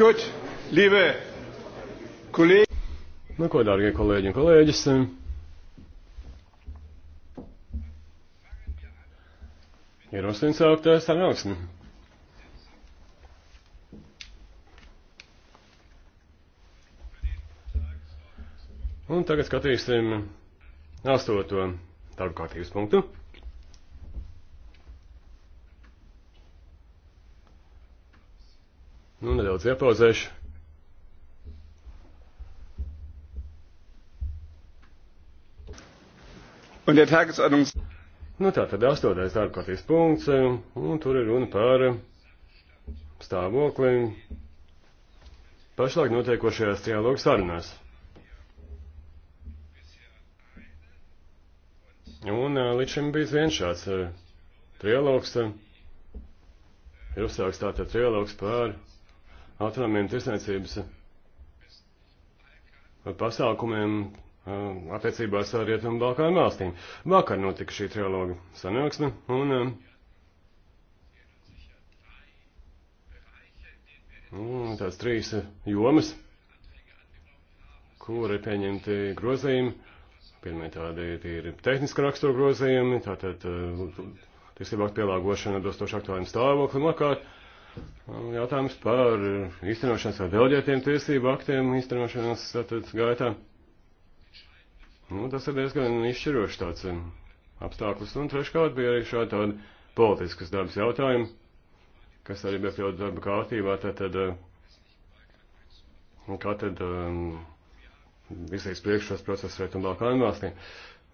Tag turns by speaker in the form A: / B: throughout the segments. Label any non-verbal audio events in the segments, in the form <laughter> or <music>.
A: Gut, liebe kolēģi. Nu, ko, dārgie kolēģi un kolēģis. Ierosim sākt eh, sanāksmi. Un tagad skatīsim astoto darba kārtības punktu. nedaudz iepauzēšu. Un der Tagesordnungs... Nu tā tad astotais ārkārtības punkts, un tur ir runa par stāvokli pašlaik notiekošajās trialogu sarunās. Un līdz šim bijis viens šāds trialogs, ir uzsāks tātad trialogs par autonomiem tirsniecības eh, pasākumiem eh, attiecībās ar Rietumu Balkānu valstīm. Vakar notika šī trialoga sanāksme, un, eh, un tās trīs jomas, kur ir pieņemti grozījumi, pirmie tādi ir tehniska rakstura grozījumi, tātad tiesībāk pielāgošana dostoši aktuāliem stāvoklim, vakar, jautājums par īstenošanas vai delģētiem tiesību aktiem īstenošanas tātad, gaitā. Nu, tas ir diezgan izšķirošs tāds um, apstākļus. Un treškārt bija arī šādi tādi politiskas dabas jautājumi, kas arī bija ļoti darba kārtībā. Tātad, um, kā tad um, visais priekšos procesā Rietumbalkānu valstīm.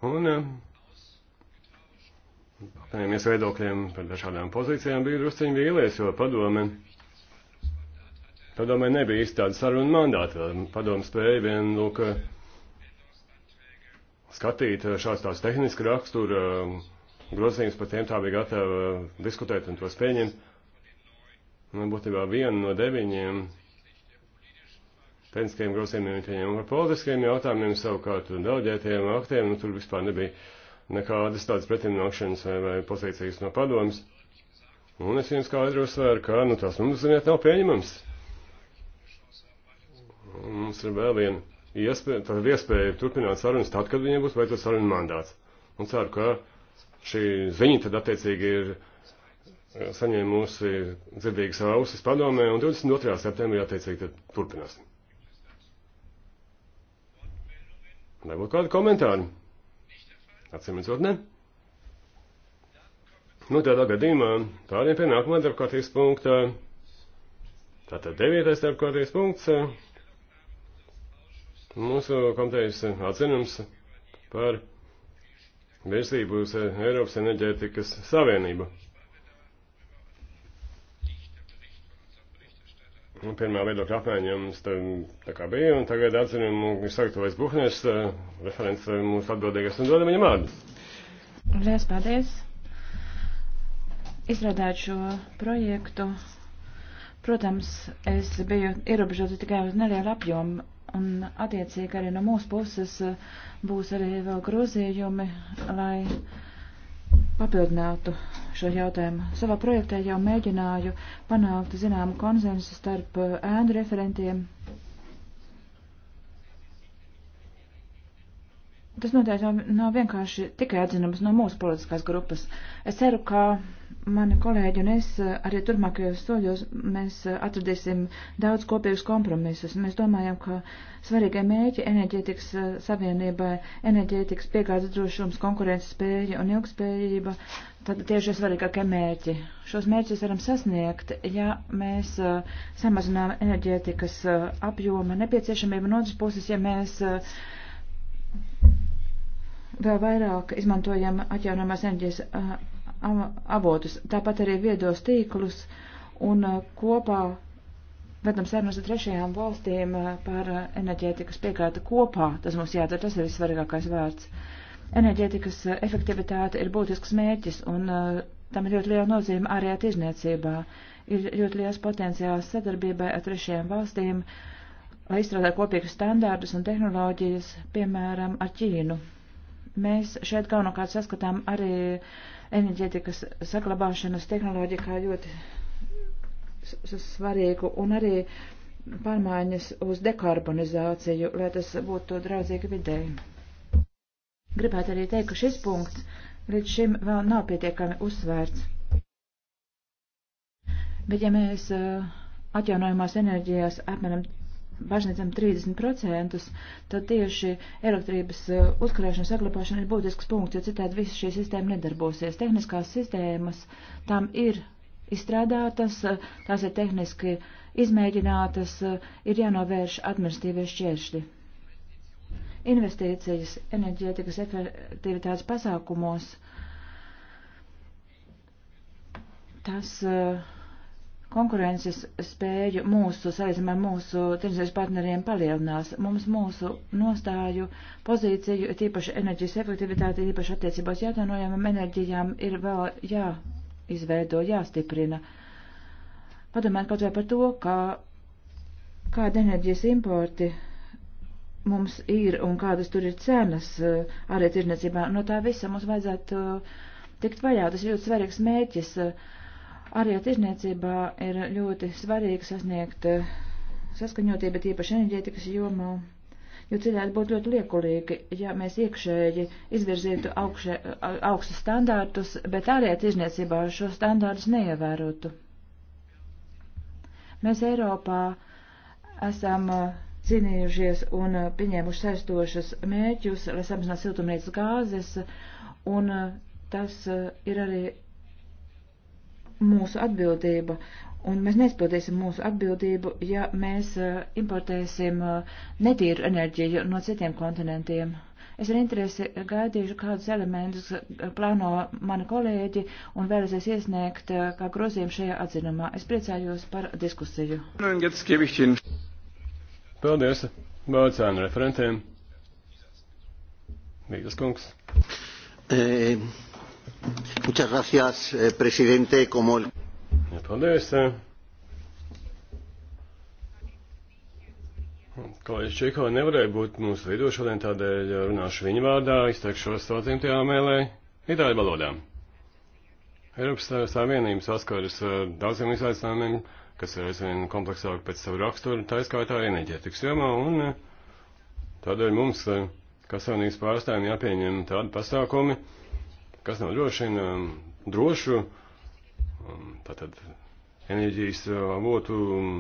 A: Un um, apvienojamies viedokļiem par dažādām pozīcijām, bija drusciņi vīlies, jo padome, padome nebija īsti tāda saruna mandāta. Padome spēja vien, lūk, skatīt šāds tās tehniski rakstura grozījums, par tiem tā bija gatava diskutēt un tos pieņemt. Nu, būtībā viena no deviņiem tehniskiem grozījumiem pieņēma par politiskiem jautājumiem, savukārt un daudzētiem aktiem, nu, tur vispār nebija nekādas tādas pretimnākšanas vai, vai pozīcijas no padomas. Un es viens skaidri uzsvēru, ka nu, tas mums, ziniet, nav pieņemams. Un mums ir vēl viena iespēja, tad iespēja turpināt sarunas tad, kad viņiem būs beidzot sarunu mandāts. Un ceru, ka šī ziņa tad attiecīgi ir saņēmusi dzirdīgas ausis padomē, un 22. septembrī attiecīgi tad turpināsim. Vai būtu kādi komentāri? Atsimredzot, ne. Nu, tādā gadījumā pāriem pie nākamā darbkārtības punkta. Tātad devītais darbkārtības punkts. Mūsu komitejas atzinums par virsību uz Eiropas enerģētikas savienību. nu, pirmā viedokļa apmaiņa jums tā, tā kā bija, un tagad atzinām, ka sagatavojas Buhners, eh, referents eh, mūsu atbildīgais, un dodam viņam vārdu.
B: Lielas paldies! Izrādāt šo projektu. Protams, es biju ierobežota tikai uz nelielu apjomu, un attiecīgi arī no mūsu puses eh, būs arī vēl grozījumi, lai papildinātu šo jautājumu. Savā projektā jau mēģināju panākt zināmu konsensu starp eh, ēnu referentiem Tas noteikti nav, nav vienkārši tikai atzinums no mūsu politiskās grupas. Es ceru, ka mani kolēģi un es eh, arī turpmākajos soļos mēs eh, atradīsim daudz kopīgus kompromisus. Mēs domājam, ka svarīgie mēķi enerģētikas eh, savienībai, enerģētikas piegādes drošums, konkurences spēja un ilgspējība, tad tieši ir svarīgākie mērķi. Šos mērķus varam sasniegt, ja mēs samazinām enerģētikas apjoma nepieciešamību, un otras puses, ja mēs uh, vēl vairāk izmantojam atjaunojamās enerģijas avotus, tāpat arī viedos tīklus un kopā vedam sarunas ar trešajām valstīm par enerģētikas piegādi kopā. Tas mums jādara, tas ir vissvarīgākais vārds. Enerģētikas efektivitāte ir būtisks mērķis un tam ir ļoti liela nozīme arī attīzniecībā. Ir ļoti liels potenciāls sadarbībai ar trešajām valstīm, lai izstrādā kopīgas standārdus un tehnoloģijas, piemēram, ar Ķīnu. Mēs šeit galvenokārt saskatām arī enerģētikas saglabāšanas tehnoloģiju kā ļoti svarīgu un arī pārmaiņas uz dekarbonizāciju, lai tas būtu draudzīgi vidēji. Gribētu arī teikt, ka šis punkts līdz šim vēl nav pietiekami uzsvērts. Bet ja mēs eh, atjaunojumās enerģijās apmēram pašniedzam 30%, tad tieši elektrības eh, uzkarēšana saglabāšana ir būtisks punkts, jo citādi visa šī sistēma nedarbosies. Tehniskās sistēmas tam ir izstrādātas, eh, tās ir tehniski izmēģinātas, eh, ir jānovērš administratīvie šķēršļi. Investīcijas enerģētikas efektivitātes pasākumos tas uh, konkurences spēju mūsu, salīdzinām ar mūsu tirdzniecības partneriem, palielinās. Mums mūsu nostāju pozīciju, tīpaši enerģijas efektivitāti, tīpaši attiecībās jātainojamam enerģijām, ir vēl jāizveido, jāstiprina. Padomāt kaut vai par to, kā, kāda enerģijas importi mums ir un kādas tur ir cenas eh, arī tirdzniecībā. No tā visa mums vajadzētu eh, tikt vaļā. Tas ir ļoti svarīgs mērķis. Uh, Arī tirzniecībā ir ļoti svarīgi sasniegt eh, saskaņotību, bet īpaši enerģētikas jomā, jo citādi būtu ļoti liekulīgi, ja mēs iekšēji izvirzītu augšē, augstus standārtus, bet ārējā tirzniecībā šo standārtus neievērotu. Mēs Eiropā esam cīnījušies un pieņēmuši saistošas mērķus, lai samazinātu siltumnīcas gāzes, un tas ir arī mūsu atbildība, un mēs neizpildīsim mūsu atbildību, ja mēs eh, importēsim eh, netīru enerģiju no citiem kontinentiem. Es ar interesi gaidīšu, kādus elementus eh, plāno mani kolēģi un vēlēsies iesniegt kā grozījumu šajā atzinumā. Es priecājos par diskusiju.
A: Paldies! Vācēnu referentiem. Vīgas kungs. E Muchas gracias, eh, presidente. Como el... Ja, paldies. Eh. Kolēģis Čeko nevarēja būt mūsu vidū šodien, tādēļ runāšu viņa vārdā, izteikšos savā dzimtajā mēlē, itāļu valodā. Eiropas Savienība saskaras ar daudziem izaicinājumiem, kas ir aizvien kompleksāk pēc savu raksturu, tā izskaitā enerģētikas jomā, un eh, tādēļ mums, kā Savienības pārstāvjiem, jāpieņem tādi pasākumi, kas nodrošina um, drošu um, tātad enerģijas uh, avotu um,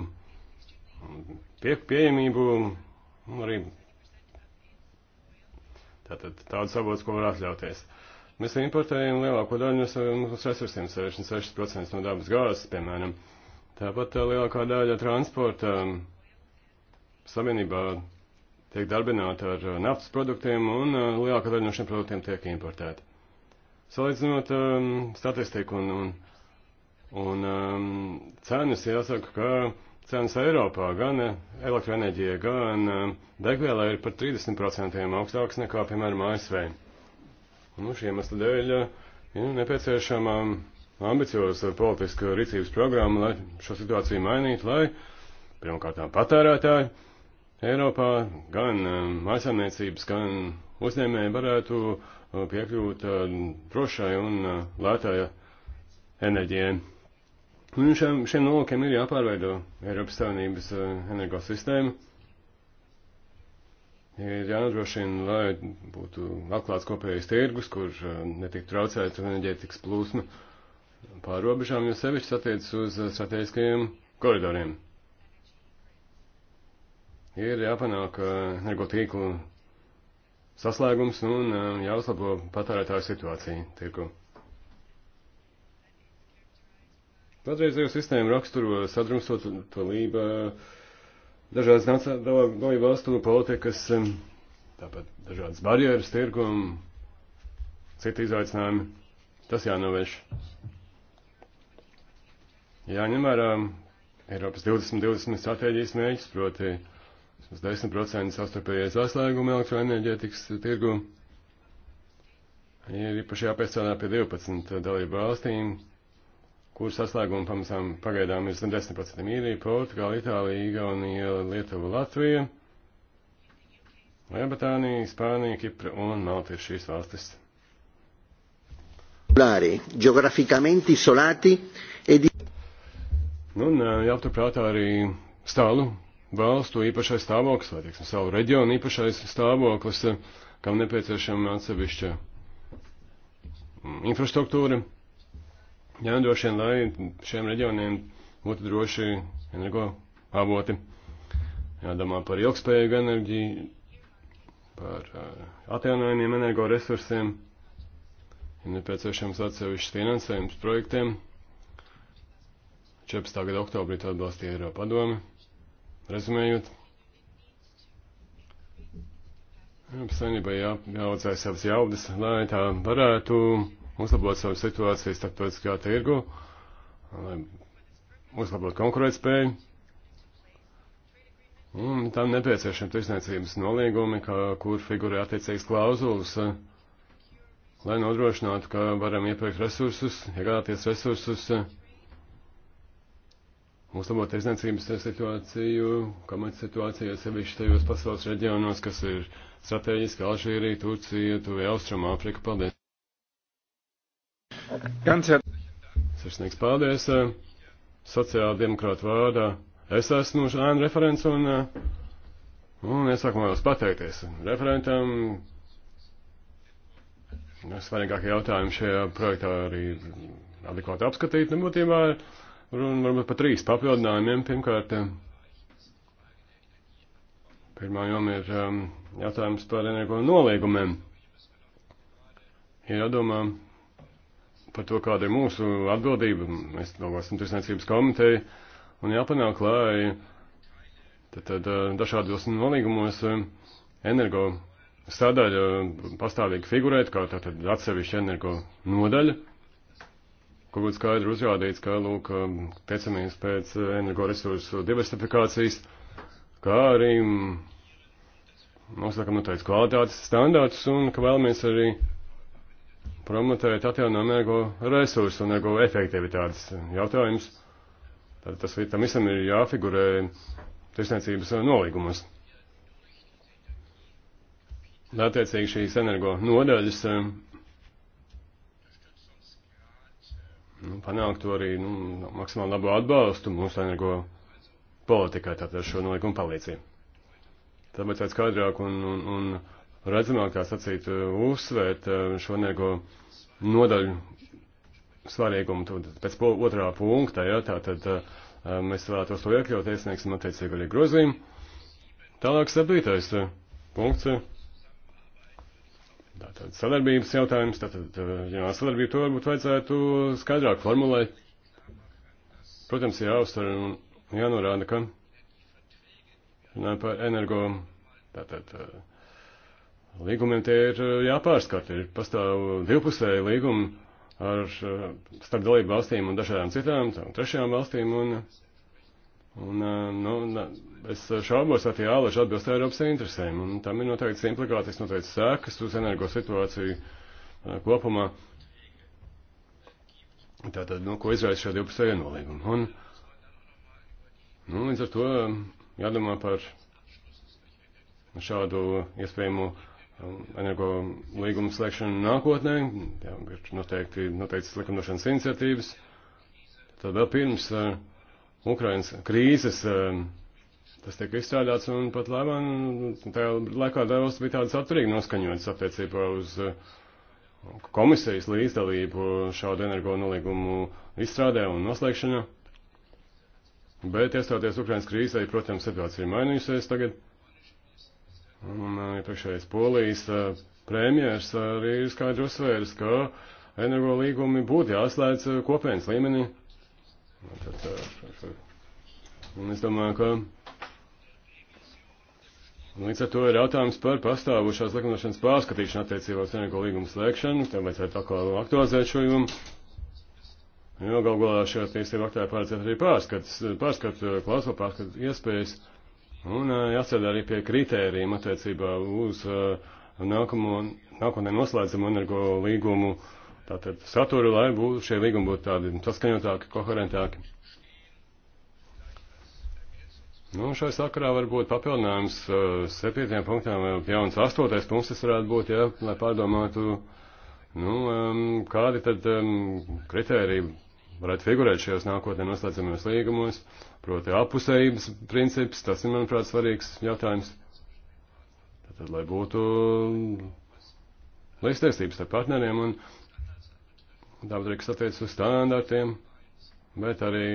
A: pie, pieejamību un arī tātad tādus avotus, ko var atļauties. Mēs importējam lielāko daļu no saviem resursiem, 66% no dabas gāzes, piemēram. Tāpat tā uh, lielākā daļa transporta savienībā tiek darbināta ar uh, naftas produktiem, un lielākā daļa no šiem produktiem tiek importēta salīdzinot um, statistiku un, un, un um, cenas, jāsaka, ka cenas Eiropā gan elektroenerģija, gan um, degviela ir par 30% augstākas nekā, piemēram, ASV. Nu, šī iemesla dēļ ir nu, nepieciešama ambicioza politiska rīcības programma, lai šo situāciju mainītu, lai pirmkārt patērētāji Eiropā, gan um, aizsaimniecības, gan uzņēmēji varētu uh, Uh, piekļūt uh, drošai un uh, lētai enerģijai. Un šiem, šiem nolūkiem ir jāpārveido Eiropas Savienības energosistēma. Ir jānodrošina, lai būtu atklāts kopējais tirgus, kur netiktu traucēta enerģētikas plūsma pār robežām, jo sevišķi attiecas uz strateģiskajiem koridoriem. Ir jāpanāk energotīklu saslēgums un um, jāuzlabo patērētāju situāciju tirgu. Patreizējo sistēmu raksturo sadrumstotolība, dažādas dalību valstu politikas, um, tāpat dažādas barjeras tirgum, citi izaicinājumi. Tas jānovērš. Jāņem vērā Eiropas 2020 stratēģijas mērķis, proti Tas 10% sastarpējais aizslēguma elektroenerģētikas tirgu ir īpaši jāpiestrādā pie 12 dalību valstīm, kuras saslēguma pamazām pagaidām ir zem 10% īrija, Portugāla, Itālija, Igaunija, Lietuva, Latvija, Lielbritānija, Spānija, Kipra un Malta ir šīs valstis. Geograficamente isolati ed... Nu, un jāpaturprātā arī stālu valstu īpašais stāvoklis, vai, teiksim, savu reģionu īpašais stāvoklis, eh, kam nepieciešama atsevišķa mm, infrastruktūra. Jā, droši vien, lai šiem reģioniem būtu droši energo avoti. Jādomā par ilgspējīgu enerģiju, par eh, atjaunojumiem energoresursiem, ir nepieciešams atsevišķs finansējums projektiem. 14. gada oktobrī to atbalstīja Eiropa padome. Rezumējot, Eiropas Savienībai jā, jāaudzē savas jaudas, lai tā varētu uzlabot savu situāciju starptautiskā tirgu, lai uzlabot konkurētspēju. Un tam nepieciešami tirsniecības noliegumi, kā, kur figurē attiecīgas klauzulas, lai nodrošinātu, ka varam iepirkt resursus, iegādāties resursus. Ja uzlabot tirdzniecības situāciju, komerci situāciju, sevišķi tajos pasaules reģionos, kas ir strateģiski Alžīrija, Turcija, Tuvija Austruma, Āfrika. Paldies! Kancler. Sirsnīgs paldies! Eh, Sociāla demokrāta vārdā es esmu ēnu referents un, eh, un es sākumā vēlos pateikties referentam. Svarīgākie jautājumi šajā projektā arī adekvāti apskatīt. Nu, būtībā Un varbūt pat trīs papildinājumiem. Pirmkārt, pirmā joma ir um, jautājums par energo noliegumiem. Ir jādomā par to, kāda ir mūsu atbildība. Mēs domāsim tirsniecības komiteju un jāpanāk, lai tad, tad uh, dažādos nolīgumos uh, energo sadaļa pastāvīgi figurēt, kā tātad atsevišķa energo nodaļa kur būtu skaidri uzrādīts, ka, lūk, um, tiecamies pēc uh, energoresursu diversifikācijas, kā arī mm, nosakam noteikts kvalitātes standārts un ka vēlamies arī promotēt atjaunojumu energo resursu un energo efektivitātes um, jautājums. Tad tas tam visam ir jāfigurē tirsniecības uh, nolīgumos. Attiecīgi šīs energo nodaļas um, nu, panāktu arī nu, maksimāli labu atbalstu mūsu energo politikai, tātad šo nolikumu palīdzību. Tāpēc vajag skaidrāk un, un, un redzamāk, tā sacīt, uzsvērt eh, šo energo nodaļu svarīgumu. Tad pēc otrā punkta, ja, tātad eh, mēs vēlētos to iekļaut, iesniegsim attiecīgi arī grozījumu. Tālāk sabītais eh, punkts. Tātad sadarbības jautājums, tātad, ja sadarbība to varbūt vajadzētu skaidrāk formulēt. Protams, jāuztver un jānorāda, ka runājot par energo, tātad līgumiem tie ir jāpārskat, ir pastāv divpusēji līgumi ar starp dalību valstīm un dažādām citām, trešajām valstīm un, un nu, Es šaubos, vai tie āleži atbilst Eiropas interesēm, un tam ir noteikti implikācijas, noteikti sēkas uz energo situāciju uh, kopumā. Tātad, nu, ko izraisa šie 12 ienolīgumi? Un, nu, līdz ar to um, jādomā par šādu iespējamu um, energo līgumu slēgšanu nākotnē, jā, ir noteikti, noteikti likumdošanas iniciatīvas. Tad vēl pirms uh, Ukrainas krīzes uh, Tas tiek izstrādāts un pat labam, tajā laikā Davos bija tāds atturīgi noskaņots attiecībā uz uh, komisijas līdzdalību šādu energo nolīgumu izstrādē un noslēgšanā. Bet iestāties Ukrainas krīzē, protams, situācija ir mainījusies tagad. Un uh, iepriekšējais polijas uh, premjers arī ir skaidri uzsvērs, ka energo līgumi būtu jāslēdz kopienas līmenī. Tad, un es domāju, ka Un līdz ar to ir jautājums par pastāvošās likumdošanas pārskatīšanu attiecībā uz cienīgo līgumu slēgšanu, tam vajadzētu atkal aktualizēt šo jomu. Jo galu galā šajā tiesību aktā ir paredzēta arī pārskats, pārskats, eh, klausa pārskats iespējas. Un eh, jāstrādā arī pie kritērijiem attiecībā uz eh, nākamo, nākotnē noslēdzamo energo līgumu tātad saturu, lai būtu šie līgumi būtu tādi saskaņotāki, koherentāki. Nu, šai sakarā var būt papildinājums uh, septītiem punktām, jauns astotais punkts tas varētu būt, ja, lai pārdomātu, nu, um, kādi tad um, kritēriji varētu figurēt šajos nākotnē noslēdzamajos līgumos, proti apusējības princips, tas ir, manuprāt, svarīgs jautājums. Tad, lai būtu līdztiesības ar partneriem un tāpat arī, kas attiecas uz standartiem, bet arī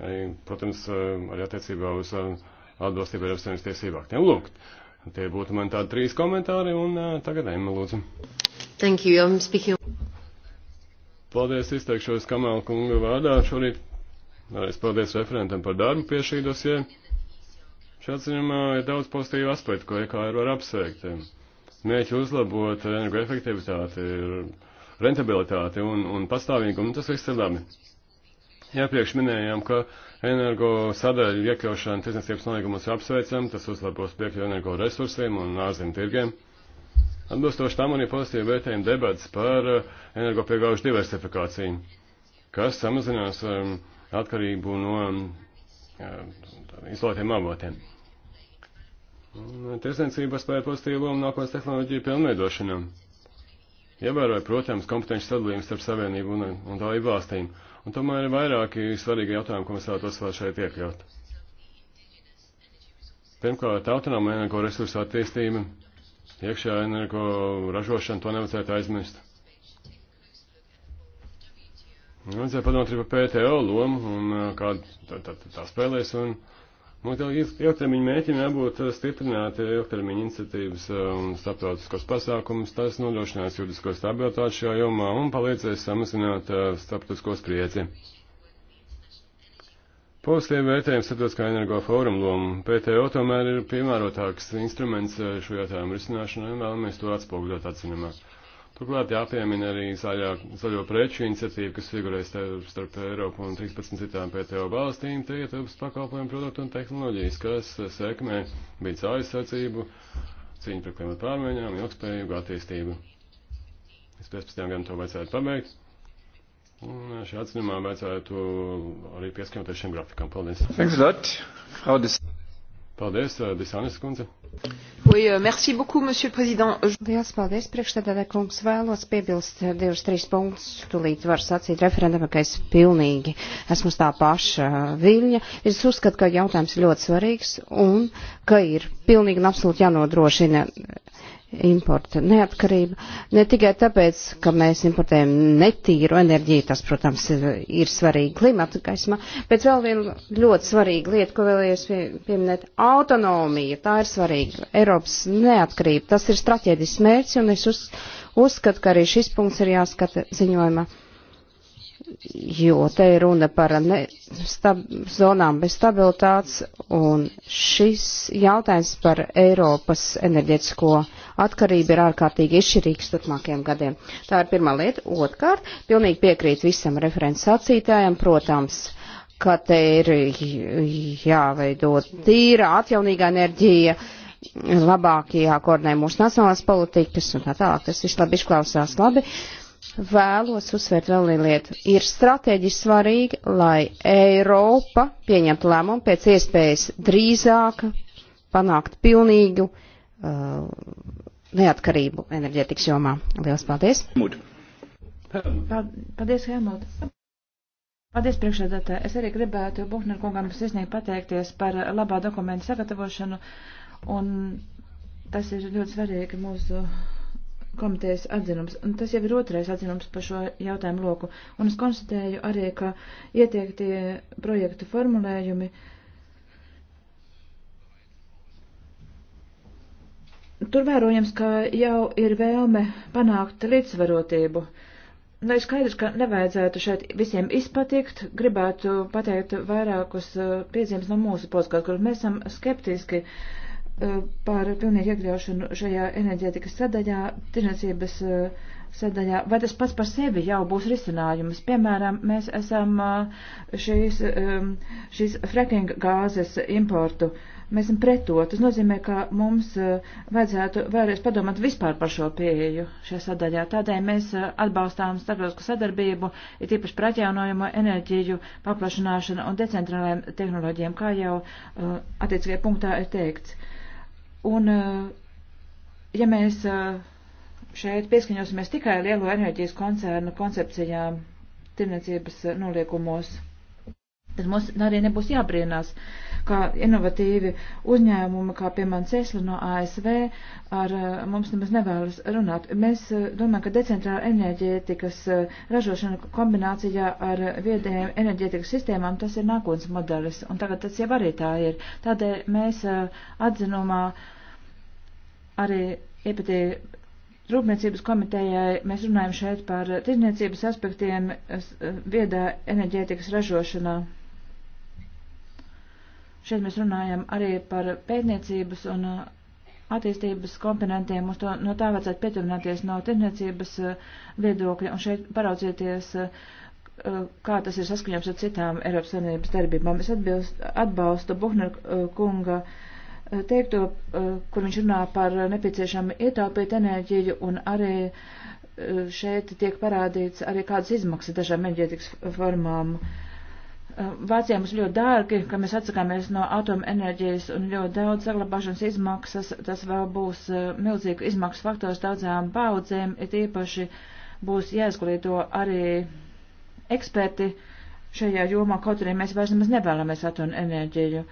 A: arī, protams, eh, arī attiecībā uz eh, atbilstību Eiropas Savienības tiesību aktiem. Lūk, tie būtu man tādi trīs komentāri, un eh, tagad Emma lūdzu. Thank you, I'm speaking. Paldies, izteikšos Kamēla kunga vārdā šorīt. Es paldies referentam par darbu pie šī dosie. Šā ziņumā ir daudz pozitīvu aspektu, ko EKR var apsveikt. Mēķi uzlabot energoefektivitāti, rentabilitāti un, un pastāvīgumu, tas viss ir labi. Iepriekš minējām, ka energo sadaļu iekļaušana tiesnesības nolīgumus ir apsveicama, tas uzlabos piekļuvi energo resursiem un ārzemju tirgiem. Atbilstoši tam arī pozitīvi vērtējumi debats par eh, energopiegājušu diversifikāciju, kas samazinās um, atkarību no um, izolētiem avotiem. Tiesniecība spēja pozitīvu lomu nākotnes tehnoloģiju pilnveidošanā. Ievēroja, protams, kompetenci sadalījums starp savienību un, un dalību valstīm. Un tomēr ir vairāki svarīgi jautājumi, ko mēs vēlētos vēl šeit iekļaut. Pirmkārt, autonoma energo resursu attīstība, iekšējā energo ražošana, to nevajadzētu aizmirst. Vajadzēja padomāt arī par PTO lomu un uh, kā tā, tā, tā spēlēs un. Uh, Mums jau ilgtermiņa mēķim jābūt uh, stiprināt ilgtermiņa iniciatīvas un um, starptautiskos pasākumus, tas nodrošinās juridisko stabilitāti šajā jomā un palīdzēs samazināt uh, starptautisko spriedzi. Pozitīvi vērtējums starptautiskā energo fóruma loma. PTO tomēr ir piemērotāks instruments uh, šo jautājumu risināšanai, vēlamies to atspoguļot atcinamā. Turklāt jāpiemina arī zaļā, zaļo preču iniciatīva, kas figurēs starp Eiropu un 13 citām PTO valstīm, tie ietilpst pakalpojumu produktu un tehnoloģijas, kas sekmē vidas aizsardzību, cīņu pret klimatu pārmaiņām, ilgspējīgu attīstību. Es 15. gadam to vajadzētu pabeigt. Un šajā atzinumā vajadzētu arī pieskaņoties šiem grafikam. Paldies. Thanks a lot, Frau Des. Paldies, eh, Disanis kundze.
C: Oui, euh, merci beaucoup, monsieur le président. Liels paldies, priekšstādātā kungs. Vēlos piebilst eh, divus, trīs punktus. Tūlīt var sacīt referendumā, ka es pilnīgi esmu tā paša eh, viļņa. Es uzskatu, ka jautājums ļoti svarīgs un ka ir pilnīgi un absolūti jānodrošina importa neatkarība. Ne tikai tāpēc, ka mēs importējam netīru enerģiju, tas, protams, ir, ir svarīgi klimata gaismā, bet vēl viena ļoti svarīga lieta, ko vēlējos pie, pieminēt - autonomija. Tā ir svarīga. Eiropas neatkarība. Tas ir strateģisks mērķis, un es uz, uzskatu, ka arī šis punkts ir jāskata ziņojumā. Jo te ir runa par ne, stab, zonām bez stabilitātes, un šis jautājums par Eiropas enerģetisko atkarība ir ārkārtīgi izšķirīgs turpmākajiem gadiem. Tā ir pirmā lieta. Otkārt, pilnīgi piekrīt visam referents sacītājiem, protams, ka te ir jāveido tīra, atjaunīga enerģija, labāk jākoordinē mūsu nacionālās politikas un tā tālāk. Tas viss labi izklausās labi. Vēlos uzsvērt vēl vienu lietu. Ir strateģiski svarīgi, lai Eiropa pieņemtu lēmumu pēc iespējas drīzāk panākt pilnīgu uh, Uh, neatkarību enerģētikas jomā. Lielas paldies! Mud.
B: Paldies, Helmut! Paldies, priekšsēdētāji! Es arī gribētu Buhner kungam sirsnīgi pateikties par labā dokumentu sagatavošanu, un tas ir ļoti svarīgi mūsu komitejas atzinums. Un tas jau ir otrais atzinums par šo jautājumu loku, un es konstatēju arī, ka ieteiktie projektu formulējumi uh, Tur vērojams, ka jau ir vēlme panākt līdzsvarotību. Lai nu, skaidrs, ka nevajadzētu šeit visiem izpatikt, gribētu pateikt vairākus uh, piezīmes no mūsu poskatu, kur mēs esam skeptiski uh, par pilnīgi iekļaušanu šajā enerģētikas sadaļā, tirnācības uh, sadaļā, vai tas pats par sevi jau būs risinājums. Piemēram, mēs esam šīs, um, šīs fracking gāzes importu uh, Mēs esam pret to. Tas nozīmē, ka mums eh, vajadzētu vēlreiz padomāt vispār par šo pieeju šajā sadaļā. Tādēļ mēs eh, atbalstām starptautisku sadarbību, ir tīpaši par atjaunojumu enerģiju, paplašināšanu un decentrālajiem tehnoloģiem, kā jau uh, attiecīgajā punktā ir teikts. Un, uh, ja mēs uh, šeit pieskaņosimies tikai lielo enerģijas koncernu koncepcijām, tirniecības noliekumos, uh, Tad mums arī nebūs jābrīnās, kā inovatīvi uzņēmumi, kā piemēram Cesla no ASV, ar eh, mums nemaz nevēlas runāt. Mēs eh, domājam, ka decentrāla enerģētikas eh, ražošana kombinācijā ar viedējiem enerģētikas sistēmām tas ir nākotnes modelis, un tagad tas jau arī tā ir. Tādēļ mēs atzinumā arī iepatīja Rūpniecības komitejai mēs runājam šeit par tirniecības aspektiem viedā enerģētikas ražošanā. Šeit mēs runājam arī par pētniecības un uh, attīstības komponentiem. Mums to, no tā vajadzētu pietuvināties no tirniecības uh, viedokļa un šeit paraudzieties, uh, kā tas ir saskaņots ar citām Eiropas Savienības darbībām. Es atbilst, atbalstu Buhner kunga teikto, kur viņš runā par nepieciešami ietaupīt enerģiju un arī šeit tiek parādīts arī kādas izmaksas dažām enerģētikas formām. Uh, Eh, Vācijā mums ļoti dārgi, ka mēs atsakāmies no atomenerģijas un ļoti daudz saglabāšanas izmaksas. Tas vēl būs eh, milzīga izmaksu faktors daudzām paudzēm, it īpaši būs jāizglīto arī eksperti šajā jomā, kaut arī mēs vairs nemaz nevēlamies atomenerģiju.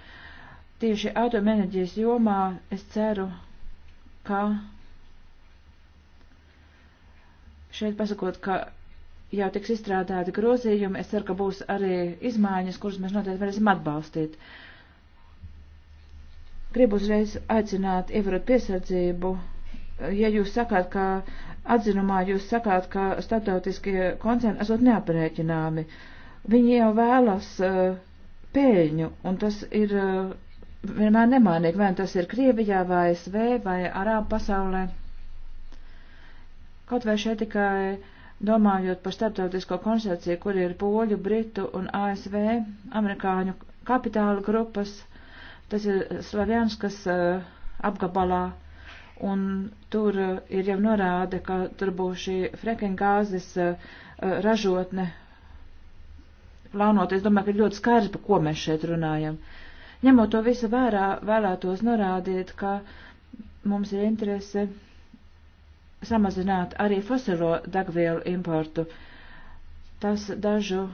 B: Tieši atomenerģijas jomā es ceru, ka šeit pasakot, ka jau tiks izstrādāti grozījumi. Es ceru, ka būs arī izmaiņas, kuras mēs noteikti varēsim atbalstīt. Gribu uzreiz aicināt ievarot piesardzību. Ja jūs sakāt, ka atzinumā jūs sakāt, ka starptautiskie koncerni esot neaprēķināmi, viņi jau vēlas uh, pēļņu, un tas ir uh, vienmēr nemainīgi, vai nu tas ir Krievijā, vai SV, vai Arābu pasaulē. Kaut vai šeit tikai uh, Domājot par starptautisko konsorciju, kur ir poļu, britu un ASV amerikāņu kapitāla grupas, tas ir Slavjanskas uh, eh, apgabalā, un tur uh, ir jau norāde, ka tur būs šī frekengāzes uh, eh, ražotne plānota. Es domāju, ka ļoti skaidrs, par ko mēs šeit runājam. Ņemot to visu vērā, vēlētos norādīt, ka mums ir interese samazināt arī fosilo degvielu importu. Tas dažu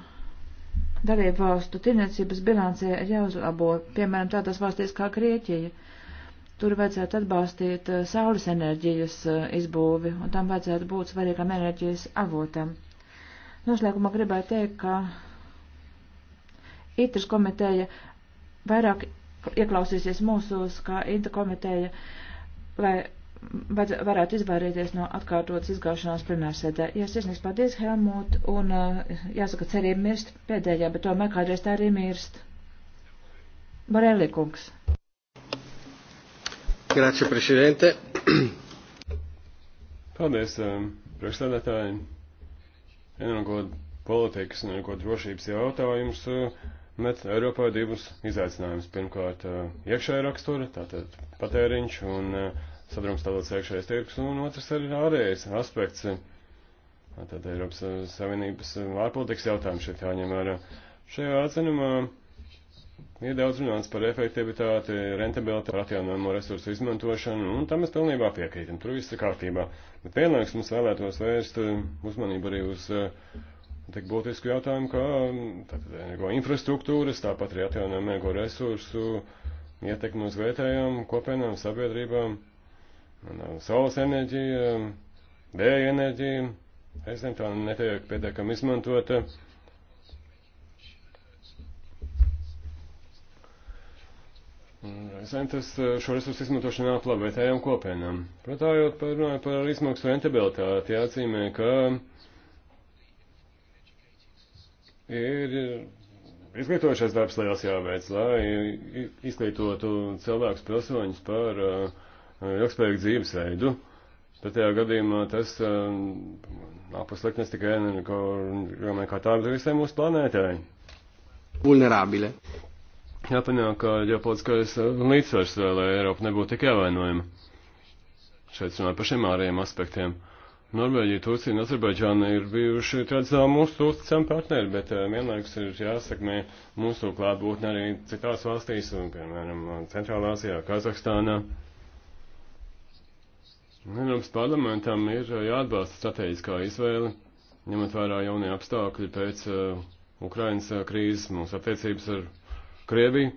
B: dalību valstu tirniecības bilancē ir jāuzlabo, piemēram, tādās valstīs kā Grieķija. Tur vajadzētu atbalstīt eh, saules enerģijas eh, izbūvi, un tam vajadzētu būt svarīgam enerģijas avotam. Noslēgumā gribētu teikt, ka ITRS komiteja vairāk ieklausīsies mūsos, kā INTA komiteja, lai varētu izvairīties no atkārtotas izgāšanās plenārsēdē. Jā, sirsnīgs paldies, Helmut, un eh, jāsaka, cerība mirst pēdējā, bet tomēr kādreiz tā arī mirst. Barelli kungs.
A: Grazie, prezidente. Paldies, um, priekšstādātāji. Energot politikas un energot drošības jautājums uh, met Eiropā divus izaicinājumus. Pirmkārt, uh, iekšēja rakstura, tātad patēriņš un uh, sadrumstalots iekšējais tirgus, un otrs ir ārējais aspekts. Tātad Eiropas Savienības ārpolitikas jautājums šeit jāņem vērā. Šajā atzinumā ir daudz runāts par efektivitāti, rentabilitāti, par atjaunojamo resursu izmantošanu, un tam mēs pilnībā piekrītam. Tur viss ir kārtībā. Bet vienlaiks mums vēlētos vērst eh, uzmanību arī uz eh, tik būtisku jautājumu, kā tātad energo infrastruktūras, tāpat arī atjaunojamo energo resursu ietekmi uz vietējām kopienām, sabiedrībām. Uh, saules enerģija, um, vēja enerģija, es nezinu, tā netiek pietiekami izmantota. Reizēm uh, tas uh, šo resursu izmantošana aplab vietējām kopienām. Protājot par, runāju par izmaksu rentabilitāti, jāatzīmē, ka ir izglītošais darbs liels jāveic, lai izglītotu cilvēkus pilsoņus par uh, Eh, ilgspējīgu dzīvesveidu, pretējā gadījumā tas eh, nav pasliktnes tikai energojotai kā tādai, bet visai mūsu planētai. Vulnerabile. Jāpanāk, ka ģeopolitiskais eh, līdzsvars, lai Eiropa nebūtu tik ievainojama. Šeit runāju par šiem ārējiem aspektiem. Norvēģija, Turcija un Azerbaidžāna ir bijuši tradicionāli mūsu uzticami partneri, bet vienlaikus ir jāsakmē mūsu klātbūtne arī citās valstīs, un, piemēram, Centrālā Asijā, Kazahstānā. Mm. Eiropas parlamentam ir eh, jāatbalsta strateģiskā izvēle, ņemot vērā jaunie apstākļi pēc uh, Ukrainas eh, krīzes, mūsu attiecības ar Krieviju.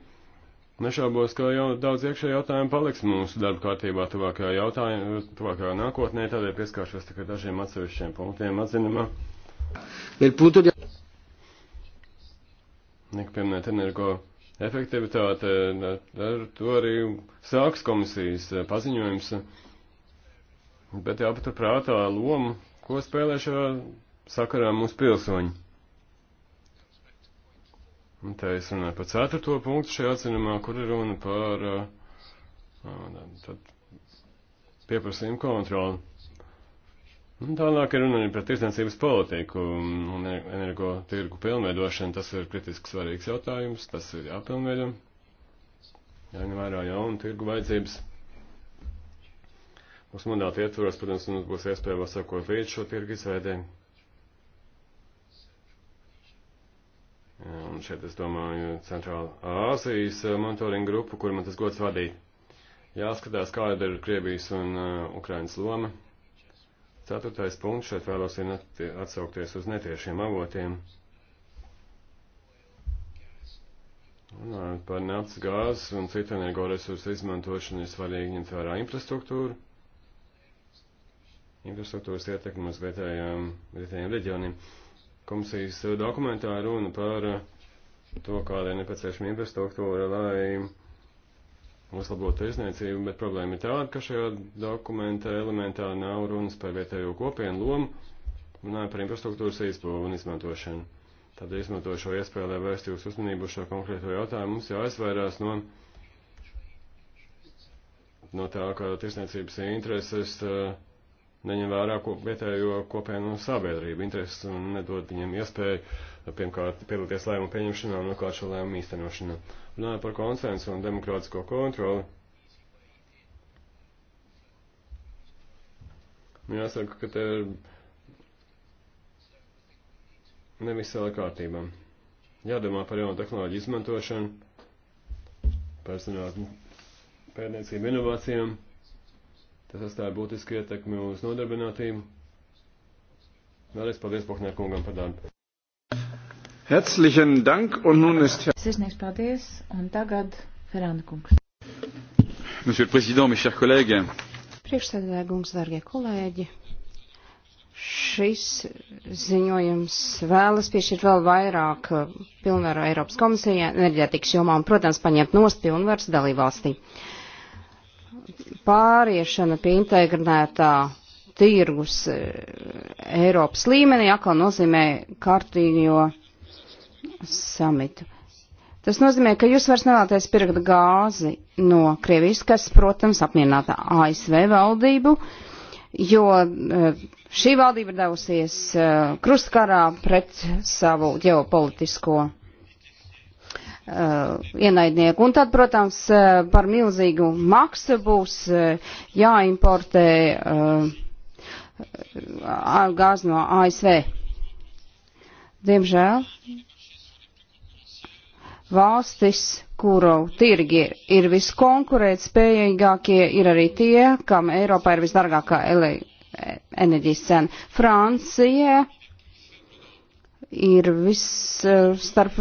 A: Nešaubos, ka jau daudz iekšējā jautājuma paliks mūsu darba kārtībā tuvākajā jautājumā, tuvākajā nākotnē, tādēļ pieskāršos tikai dažiem atsevišķiem punktiem atzinumā. Nika pieminēt energo efektivitāte, ar to arī sāks komisijas paziņojums. Uh, bet jāpatur prātā loma, ko spēlē šajā sakarā mūsu pilsoņi. Un te es runāju par ceturto punktu šajā atzinumā, kur ir runa par uh, uh pieprasījumu kontroli. Un tālāk ir runa par tirsniecības politiku un energo tirgu pilnveidošanu. Tas ir kritiski svarīgs jautājums, tas ir jāpilnveido. Jāņem vērā jaunu tirgu vajadzības. Mūsu mandāta ietvaros, protams, mums būs iespēja vēl sakot līdz šo tirgu izveidēm. Un šeit es domāju Centrāla Āzijas monitoringa grupu, kur man tas gods vadīt. Jāskatās, kāda ir Krievijas un uh, Ukrainas loma. Ceturtais punkts šeit vēlos ir atsaukties uz netiešiem avotiem. Runājot par naftas gāzes un citu energoresursu izmantošanu, ir svarīgi ņemt vērā infrastruktūru infrastruktūras ietekmi uz vietējām, vietējiem reģioniem. Komisijas dokumentā runa par to, kāda ir nepieciešama infrastruktūra, lai uzlabotu tirzniecību, bet problēma ir tāda, ka šajā dokumenta elementā nav runas par vietējo kopienu lomu, runājot par infrastruktūras izbūvu un izmantošanu. Tad izmantoju šo iespēju, lai vērstu jūsu uzmanību uz šo konkrēto jautājumu. Mums jāizvairās no, no tā, ka tirsniecības intereses uh, neņem vērā ko, vietējo kopienu sabiedrību intereses un nedod viņiem iespēju pirmkārt piedalīties lēmumu pieņemšanā un nokārt šo lēmumu īstenošanā. Runājot par konsensu un demokrātisko kontroli. Nu, jāsaka, ka te ir nevis savā kārtībā. Jādomā par jaunu tehnoloģiju izmantošanu, par zinātni, pētniecību inovācijām Tas atstāja būtiski ietekmi uz nodarbinātību. Vēlreiz paldies Bohnē kungam par darbu. Herzlichen Dank un nun ist Herr.
B: Sirsnīgs paldies un tagad Ferāna kungs.
A: Monsieur le Président, mes chers collègues.
C: Priekšsēdētāji, kungs, dārgie kolēģi. Šis ziņojums vēlas piešķirt vēl vairāk pilnvaru Eiropas komisijai enerģētikas jomā un, protams, paņemt nost pilnvaras dalībvalstī. valstī pāriešana pie integrētā tirgus e, Eiropas līmenī atkal nozīmē kārtīgo samitu. Tas nozīmē, ka jūs vairs nevēlaties pirkt gāzi no Krievijas, kas, protams, apmierinātā ASV valdību, jo e, šī valdība devusies e, krustkarā pret savu ģeopolitisko Uh, ienaidnieku. Un tad, protams, uh, par milzīgu maksu būs uh, jāimportē gāzi no ASV. Diemžēl valstis, kuru tirgi ir viskonkurēt spējīgākie, ir arī tie, kam Eiropā ir visdargākā enerģijas cena. Francija ir vis starp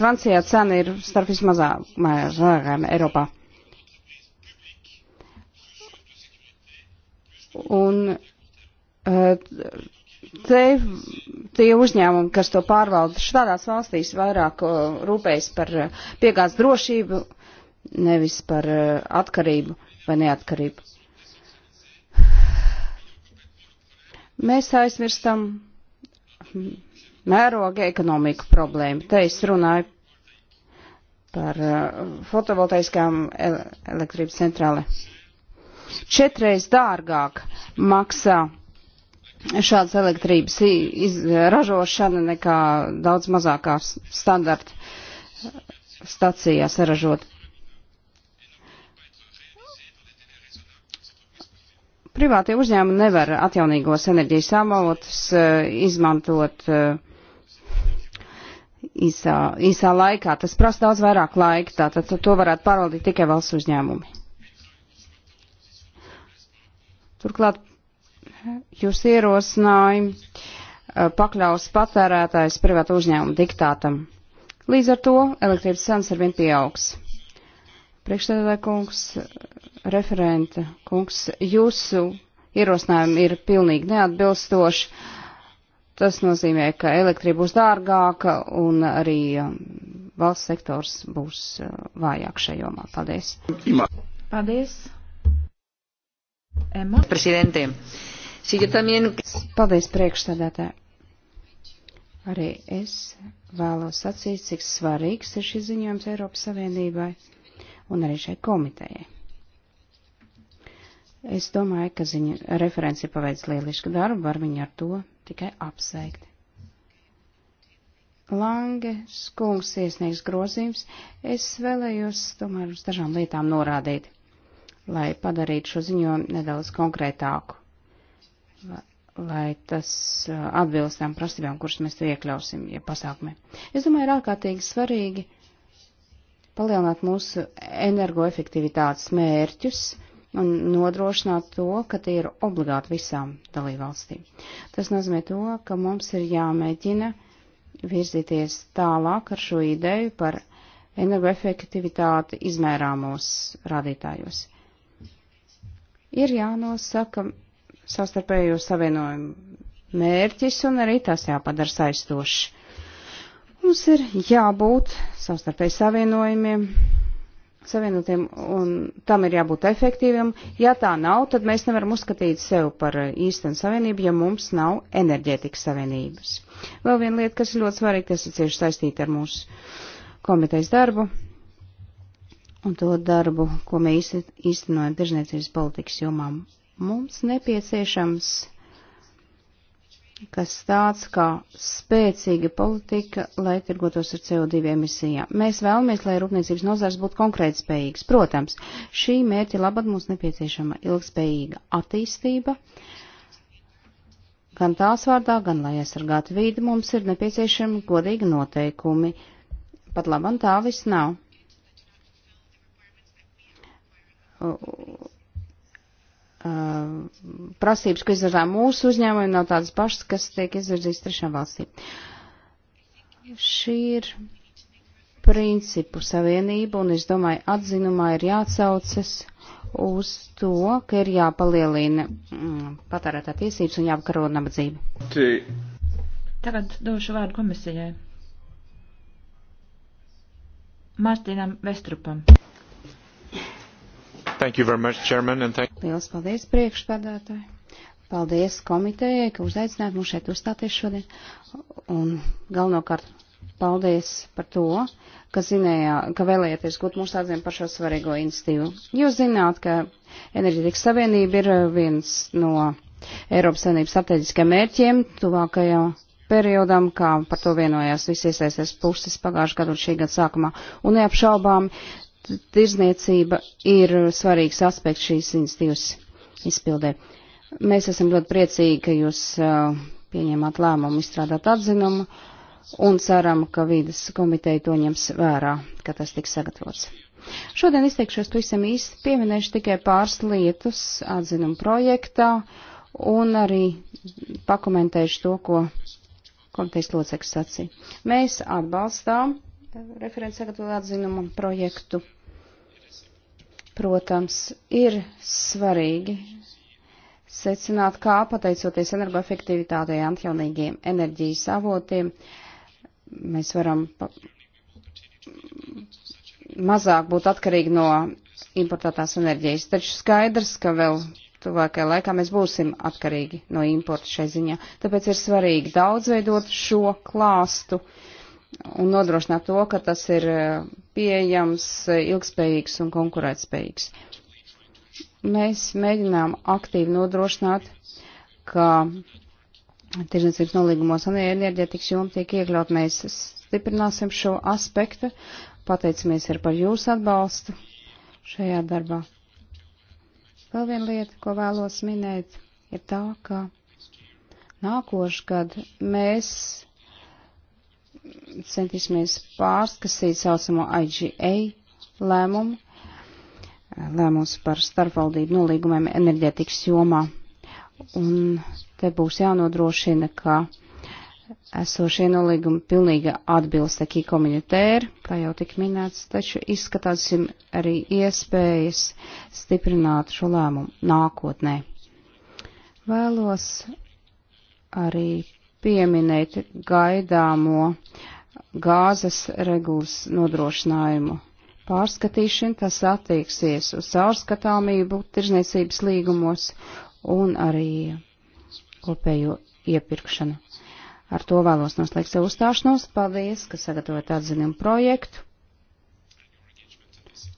C: Francijā cena ir starp vismazākajām um, Eiropā. Un uh, te tie uzņēmumi, kas to pārvalda šādās valstīs, vairāk uh, rūpējas par uh, piegādes drošību, nevis par atkarību vai neatkarību. Mēs aizmirstam mēroga ekonomiku problēmu. Te es runāju par uh, fotovoltaiskām elektrības centrāle. Četreiz dārgāk maksā šādas elektrības iz, ražošana nekā daudz mazākās standarta stacijās ražot. Privātie uzņēmumi nevar atjaunīgos enerģijas avotus uh, izmantot uh, īsā, īsā laikā. Tas prasa daudz vairāk laika, tātad to varētu pārvaldīt tikai valsts uzņēmumi. Turklāt jūs ierosināja eh, pakļaus patērētājs privātu uzņēmumu diktātam. Līdz ar to elektrības cenas arvien pieaugs. Priekšstādātāja kungs, referenta kungs, jūsu ierosinājumi ir pilnīgi neatbilstoši Tas nozīmē, ka elektrība būs dārgāka un arī um, valsts sektors būs uh, vājāk šajā jomā. Paldies. Paldies. Emma. Presidentiem. Paldies priekšstādātē. Arī es vēlos sacīt, cik svarīgs ir šis ziņojums Eiropas Savienībai un arī šai komitejai. Es domāju, ka ziņa referenci paveic lielisku darbu, var viņu ar to tikai apsveikt. Lange skungs iesniegs grozījums, es vēlējos tomēr uz dažām lietām norādīt, lai padarītu šo ziņojumu nedaudz konkrētāku, lai tas uh, atbilst tām prasībām, kuras mēs te iekļausim, ja pasākumiem. Es domāju, ir ārkārtīgi svarīgi palielināt mūsu energoefektivitātes mērķus, uh, un nodrošināt to, ka tie ir obligāti visām dalībvalstīm. Tas nozīmē to, ka mums ir jāmēģina virzīties tālāk ar šo ideju par energoefektivitāti izmērāmos rādītājos. Ir jānosaka savstarpējo savienojumu mērķis un arī tas jāpadara saistoši. Mums ir jābūt savstarpēji savienojumiem, savienotiem, un tam ir jābūt efektīviem. Ja tā nav, tad mēs nevaram uzskatīt sev par eh, īstenu savienību, ja mums nav enerģētikas savienības. Vēl viena lieta, kas ir ļoti svarīga, kas ir cieši saistīta ar mūsu komitejas darbu un to darbu, ko mēs īstenojam tirzniecības politikas jomām. Mums nepieciešams kas tāds kā spēcīga politika, lai tirgotos ar CO2 emisijām. Mēs vēlamies, lai rūpniecības nozars būtu konkrēti spējīgs. Protams, šī mērķa labad mums nepieciešama ilgspējīga attīstība. Gan tās vārdā, gan lai aizsargātu vīdi, mums ir nepieciešami godīgi noteikumi. Pat labam tā viss nav Uh, prasības, ko izvirzā mūsu uzņēmumi, nav tādas pašas, kas tiek izvirzītas trešām valstīm. Šī ir principu savienība, un es domāju, atzinumā ir jāatsaucas uz to, ka ir jāpalielina mm, patērētā tiesības un jāapkaro nabadzība.
B: Tagad došu vārdu komisijai.
C: Mārtiņam Vestrupam.
B: Thank you very much, Chairman, and thank...
C: Lielas paldies priekšspadātāji. Paldies komitejai, ka uzaicināt mums šeit uzstāties šodien. Un galvenokārt paldies par to, ka zinējā, ka vēlējāties gūt mūsu atzīmi par šo svarīgo institīvu. Jūs zināt, ka enerģetikas savienība ir viens no Eiropas Savienības strateģiskiem mērķiem tuvākajā periodam, kā par to vienojās visi iesaistās puses pagājušā gada un šī gada sākumā. Un neapšaubām tirzniecība ir svarīgs aspekts šīs institīvas izpildē. Mēs esam ļoti priecīgi, ka jūs pieņēmāt lēmumu izstrādāt atzinumu un ceram, ka vīdas komiteja to ņems vērā, ka tas tiks sagatavots. Šodien izteikšos pavisam īsti, pieminēšu tikai pāris lietas atzinumu projektā un arī pakomentēšu to, ko komitejas loceklis sacīja. Mēs atbalstām referents sagatavot atzinumu projektu Protams, ir svarīgi secināt, kā pateicoties energoefektivitātei atjaunīgiem enerģijas avotiem, mēs varam mazāk būt atkarīgi no importētās enerģijas. Taču skaidrs, ka vēl tuvākajā laikā mēs būsim atkarīgi no importa šai ziņā. Tāpēc ir svarīgi daudzveidot šo klāstu. Uh, un nodrošināt to, ka tas ir e, pieejams, e, ilgspējīgs un konkurētspējīgs. Mēs mēģinām aktīvi nodrošināt, ka tirdzniecības nolīgumos un enerģētikas joma tiek iekļaut. Mēs stiprināsim šo aspektu. Pateicamies ir par jūsu atbalstu šajā darbā. Vēl viena lieta, ko vēlos minēt, ir tā, ka nākošgad mēs centīsimies pārskasīt saucamo IGA lēmumu, lēmums par starpvaldību nolīgumiem enerģetikas jomā. Un te būs jānodrošina, ka esošie nolīgumi pilnīgi atbilst akī komunitēri, kā jau tik minēts, taču izskatāsim arī iespējas stiprināt šo lēmumu nākotnē. Vēlos arī pieminēt gaidāmo gāzes regulas nodrošinājumu pārskatīšanu, tas attieksies uz caurskatāmību tirzniecības līgumos un arī kopējo iepirkšanu. Ar to vēlos noslēgt savu uzstāšanos. Paldies, ka sagatavojat atzinumu projektu.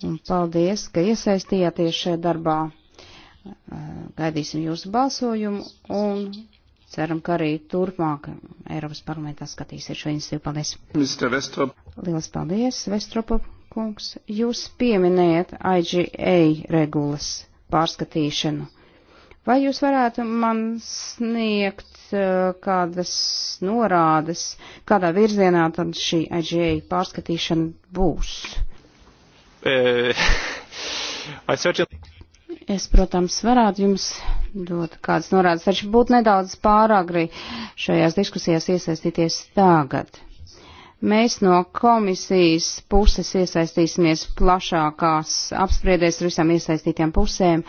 C: Un paldies, ka iesaistījāties šajā darbā. Gaidīsim jūsu balsojumu un Ceram, ka arī turpmāk Eiropas parlamentā skatīsies šo institūciju. Paldies. Lielas paldies, Vestropa kungs. Jūs pieminējat IGA regulas pārskatīšanu. Vai jūs varētu man sniegt uh, kādas norādes, kādā virzienā tad šī IGA pārskatīšana būs? Uh, <laughs> Es, protams, varētu jums dot kādas norādes, taču būtu nedaudz pāragri šajās diskusijās iesaistīties tagad. Mēs no komisijas puses iesaistīsimies plašākās apspriedēs ar visām iesaistītām pusēm.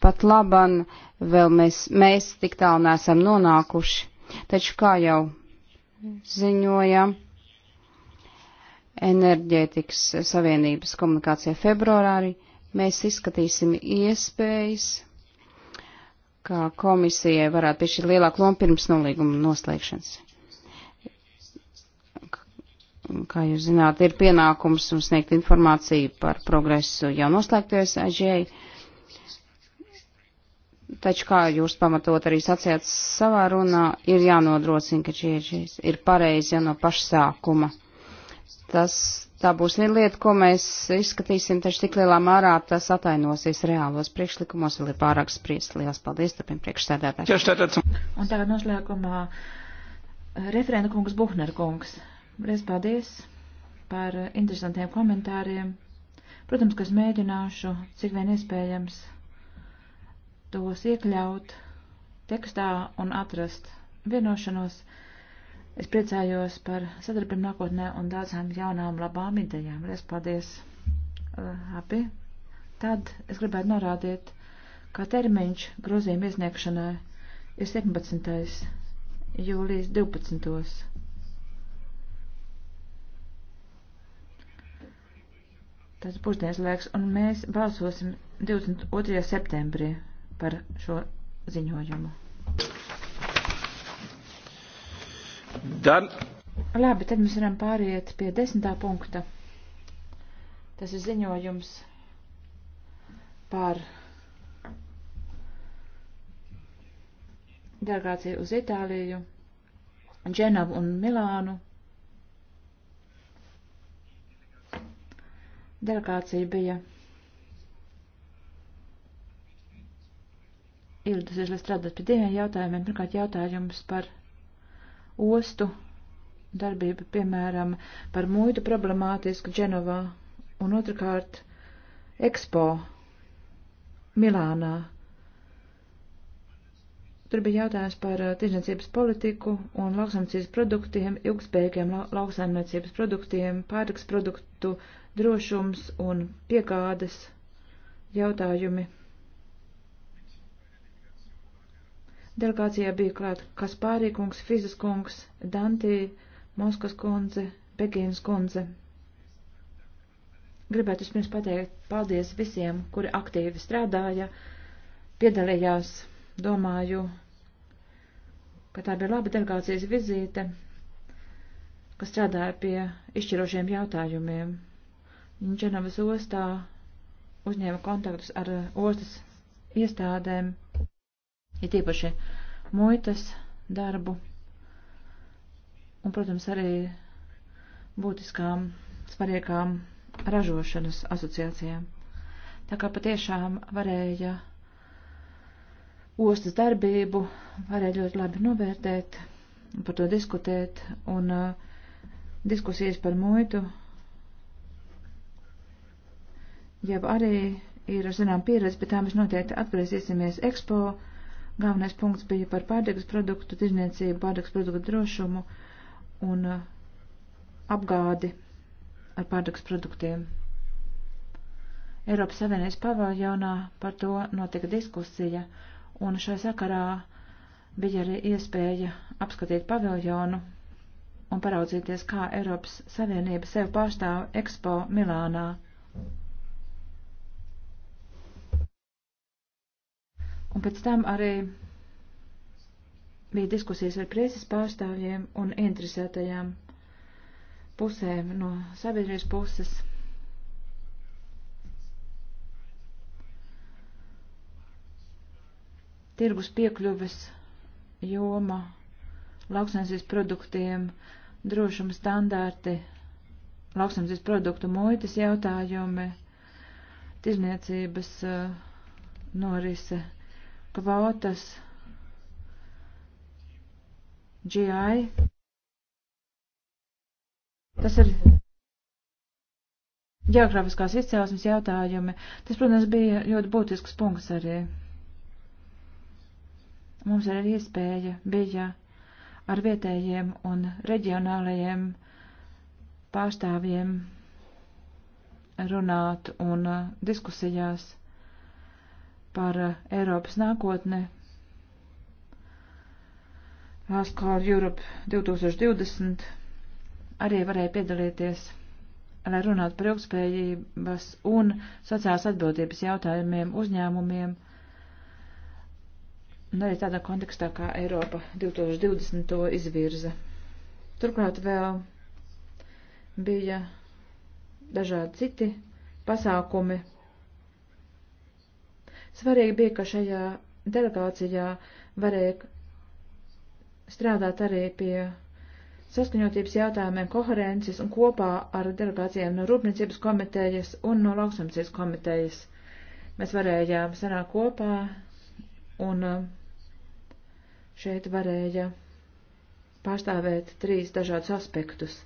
C: Pat laban vēl mēs, mēs tik tālu nesam nonākuši. Taču kā jau ziņojam, enerģētikas savienības komunikācija februārī. Mēs izskatīsim iespējas, kā komisijai varētu piešķirt lielāku lomu pirms nolīguma noslēgšanas. Kā jūs zināt, ir pienākums mums sniegt informāciju par progresu jau noslēgtajos AGI. Taču, kā jūs pamatot arī sacījāt savā runā, ir jānodrošina, ka šie ir pareizi jau no paša sākuma. Tas tā būs viena lieta, ko mēs izskatīsim, taču tik lielā mērā tas atainosies reālos priekšlikumos, vēl ir pārāk spriest. Lielas paldies, tāpēc priekšsēdētājs.
B: Un tagad noslēgumā eh, referenta kungs Buhner kungs. Liels paldies par interesantiem komentāriem. Protams, ka es mēģināšu, cik vien iespējams, tos iekļaut tekstā un atrast vienošanos. Es priecājos par sadarbību nākotnē un daudzām jaunām labām idejām. Lies paldies, Hapi. Eh, Tad es gribētu norādīt, ka termiņš grozījuma iesniegšanai ir 17. jūlijas 12. Tas pusdienas laiks, un mēs balsosim 22. septembrī par šo ziņojumu. Dan. Labi, tad mēs varam pāriet pie desmitā punkta. Tas ir ziņojums par delegāciju uz Itāliju, Dženavu un Milānu. Delegācija bija Ilda Zižlis strādāt pie diviem jautājumiem. Pirmkārt jautājums par ostu darbība, piemēram, par muitu problemātisku Dženovā un otrkārt Expo Milānā. Tur bija jautājums par tirdzniecības politiku un lauksaimniecības produktiem, ilgspējīgiem lauksaimniecības produktiem, pārtiks produktu drošums un piegādes jautājumi. Delegācijā bija klāt Kaspārīkungs, Fizas kungs, Dantī, Moskas kundze, Pekīnas kundze. Gribētu vispirms pateikt paldies visiem, kuri aktīvi strādāja, piedalījās, domāju, ka tā bija laba delegācijas vizīte, kas strādāja pie izšķirošiem jautājumiem. Viņa Čenavas ostā uzņēma kontaktus ar uh, ostas iestādēm ir tīpaši muitas darbu un, protams, arī būtiskām, svarīgām ražošanas asociācijām. Tā kā patiešām varēja ostas darbību, varēja ļoti labi novērtēt, par to diskutēt un uh, diskusijas par muitu jau arī ir, zinām, pieredze, bet tā mēs noteikti atgriezīsimies ekspo Galvenais punkts bija par pārtikas produktu tirzniecību, pārtikas produktu drošumu un uh, apgādi ar pārtikas produktiem. Eiropas Savienības paviljonā par to notika diskusija, un šai sakarā bija arī iespēja apskatīt paviljonu un paraudzīties, kā Eiropas Savienība sev pārstāv Expo Milānā Un pēc tam arī bija diskusijas ar preses pārstāvjiem un interesētajām pusēm no sabiedrības puses. Tirgus piekļuves joma, lauksaimniecības produktiem, drošuma standārti, lauksaimniecības produktu muitas jautājumi, tirzniecības uh, norise. Uh, kvotas GI. Tas ir ģeogrāfiskās izcelsmes jautājumi. Tas, protams, bija ļoti būtisks punkts arī. Mums arī iespēja bija ar vietējiem un reģionālajiem pārstāvjiem runāt un uh, diskusijās par eh, Eiropas nākotni. Last Call Europe 2020 arī varēja piedalīties, lai runātu par ilgspējības un sociālās atbildības jautājumiem uzņēmumiem, un arī tādā kontekstā, kā Eiropa 2020 to izvirza. Turklāt vēl bija dažādi citi pasākumi, Svarīgi bija, ka šajā delegācijā varēja strādāt arī pie saskaņotības jautājumiem koherences un kopā ar delegācijām no Rūpniecības komitejas un no lauksamcības komitejas. Mēs varējām sanākt kopā un uh, šeit varēja pārstāvēt trīs dažādus aspektus.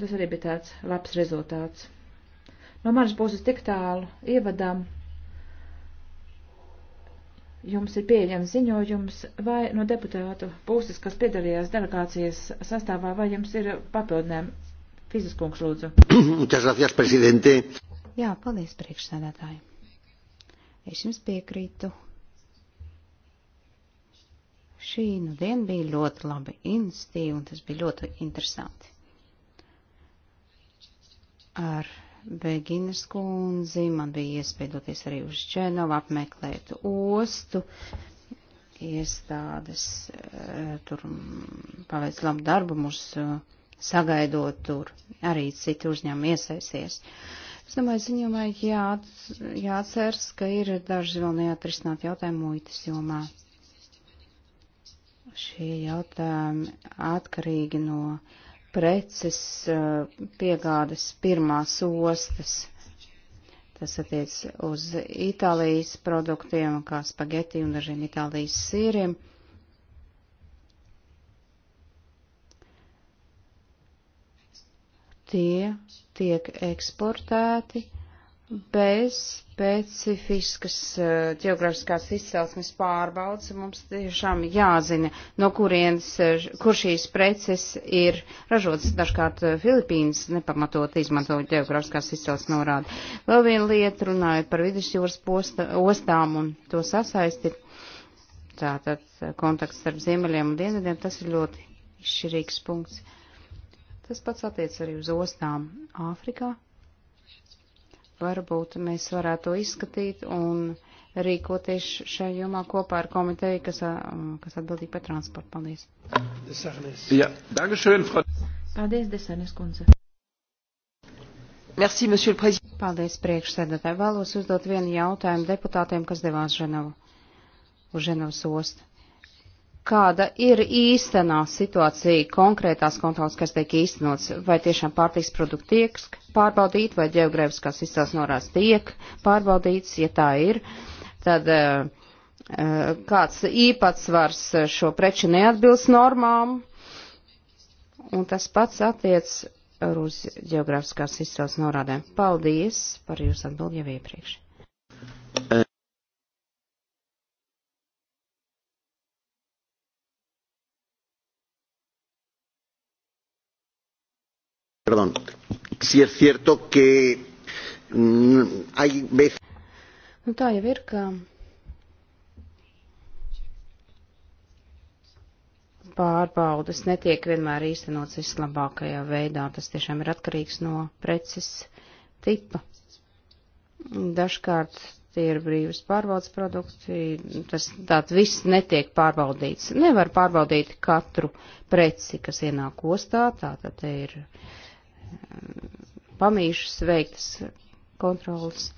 B: Tas arī bija tāds labs rezultāts. No manas puses tik tālu ievadām jums ir pieejams ziņojums vai no deputātu puses, kas piedalījās delegācijas sastāvā, vai jums ir papildinājumi?
C: Fiziskungs, lūdzu.
B: <clears throat> Muchas gracias, prezidente.
C: Jā, paldies, priekšsēdētāji. Es jums piekrītu. Šī nu diena bija ļoti labi inicitīva un tas bija ļoti interesanti. Ar Beginas kundzi, man bija iespēja doties arī uz Čenovu, apmeklēt ostu iestādes, eh, tur paveic labu darbu, mūs eh, sagaidot tur arī citi uzņēmumi iesaisties. Es domāju, ziņojumā jā, jāatceras, ka ir daži vēl neatrisināti jautājumi muitas jomā. Šie jautājumi atkarīgi no uh, preces eh, piegādes pirmās ostas. Tas attiec uz Itālijas produktiem, kā spageti un dažiem Itālijas sīriem. Tie tiek eksportēti bez specifiskas uh, geogrāfiskās izcelsmes pārbaudas mums tiešām jāzina, no kurienes, uh, kur šīs preces ir ražotas. Dažkārt uh, Filipīnas nepamatot izmanto geogrāfiskās izcelsmes norādi. Vēl viena lieta runājot par vidusjūras posta, ostām un to sasaisti. Tātad kontakts starp ziemeļiem un dienvidiem, tas ir ļoti izšķirīgs punkts. Tas pats attiec arī uz ostām Āfrikā, varbūt mēs varētu to izskatīt un rīkoties šajā jomā kopā ar komiteju, kas, um, kas atbildīgi par transportu. Paldies. Ja, dankeschön, Frau. Paldies, Desenes kundze. Merci, monsieur le président. Paldies, priekšsēdētāji. Vēlos uzdot vienu jautājumu deputātiem, kas devās Ženevu, uz Ženevas ostu kāda ir īstenā situācija konkrētās kontrolas, kas tiek īstenots, vai tiešām pārtiks produkti tiek pārbaudīti, vai ģeogrāfiskās izcelsmes norādes tiek pārbaudīts, ja tā ir, tad eh, eh, kāds īpatsvars šo preču neatbilst normām, un tas pats attiec uz ģeogrāfiskās izcelsmes norādēm. Paldies par jūsu atbildi jau iepriekš. Perdón. Si es cierto que mm, hay veces. Nu, tā jau ir, ka pārbaudas netiek vienmēr īstenots vislabākajā veidā. Tas tiešām ir atkarīgs no preces tipa. Dažkārt tie ir brīvas pārbaudas produkti, tas tāds viss netiek pārbaudīts. Nevar pārbaudīt katru preci, kas ienāk ostā, tā tad ir pamīšas veiktas kontrolas.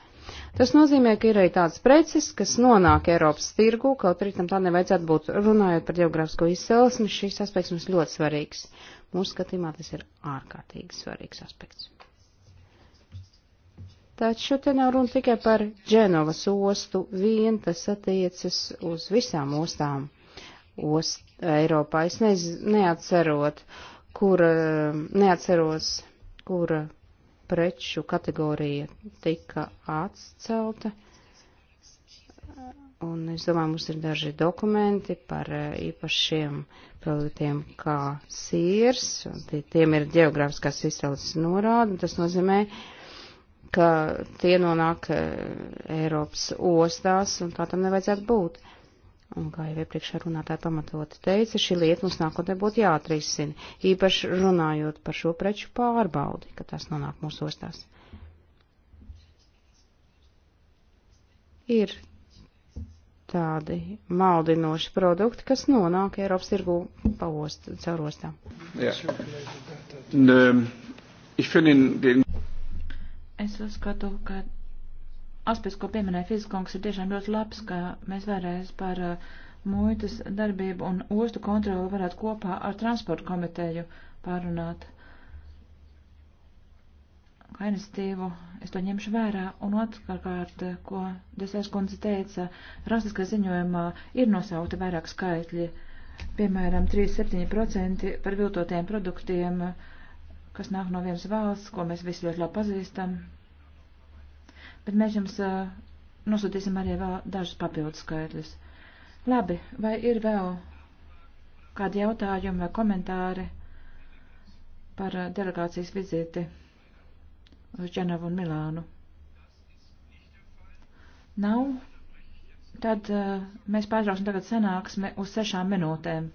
C: Tas nozīmē, ka ir arī tādas preces, kas nonāk Eiropas tirgu, kaut arī tam tā nevajadzētu būt. Runājot par geogrāfisko izcelsmi, šīs aspekts mums ļoti svarīgs. Mūsu skatījumā tas ir ārkārtīgi svarīgs aspekts. Taču te nav runa tikai par Dženovas ostu, vien tas attiecas uz visām ostām ost, Eiropā. Es nez, neatcerot, kur neatceros kura preču kategorija tika atcelta. Un es domāju, mums ir daži dokumenti par eh, īpašiem produktiem kā sīrs, tie, tiem ir geogrāfiskās izcelsmes norāda, tas nozīmē, ka tie nonāk eh, Eiropas ostās, un tā tam nevajadzētu būt. Uh, Un kā jau iepriekšējā runātāja pamatot teica, šī lieta mums nākotnē būtu jāatrisina, īpaši runājot par šo preču pārbaudi, ka tas nonāk mūsu ostās. Ir tādi maldinoši produkti, kas nonāk Eiropas tirgu pa ostu, caur ostām. Ja. Um,
B: es uzskatu, ka aspekts, ko pieminēja Fiziskungs, ir tiešām ļoti labs, ka mēs vēlreiz par uh, muitas darbību un ostu kontroli varētu kopā ar transportu komiteju pārunāt. Kā iniciatīvu es to ņemšu vērā, un otrkārt, uh, ko Desēs kundze teica, rakstiskā ziņojumā ir nosaukti vairāk skaitļi, piemēram, 37% par viltotiem produktiem, uh, kas nāk no vienas valsts, ko mēs visi ļoti labi pazīstam, bet mēs jums uh, nosūtīsim arī vēl dažus papildus skaidrus. Labi, vai ir vēl kādi jautājumi vai komentāri par uh, delegācijas vizīti uz Ženevu un Milānu? Nav. Tad uh, mēs pārtrauksim tagad sanāksmi uz sešām minūtēm.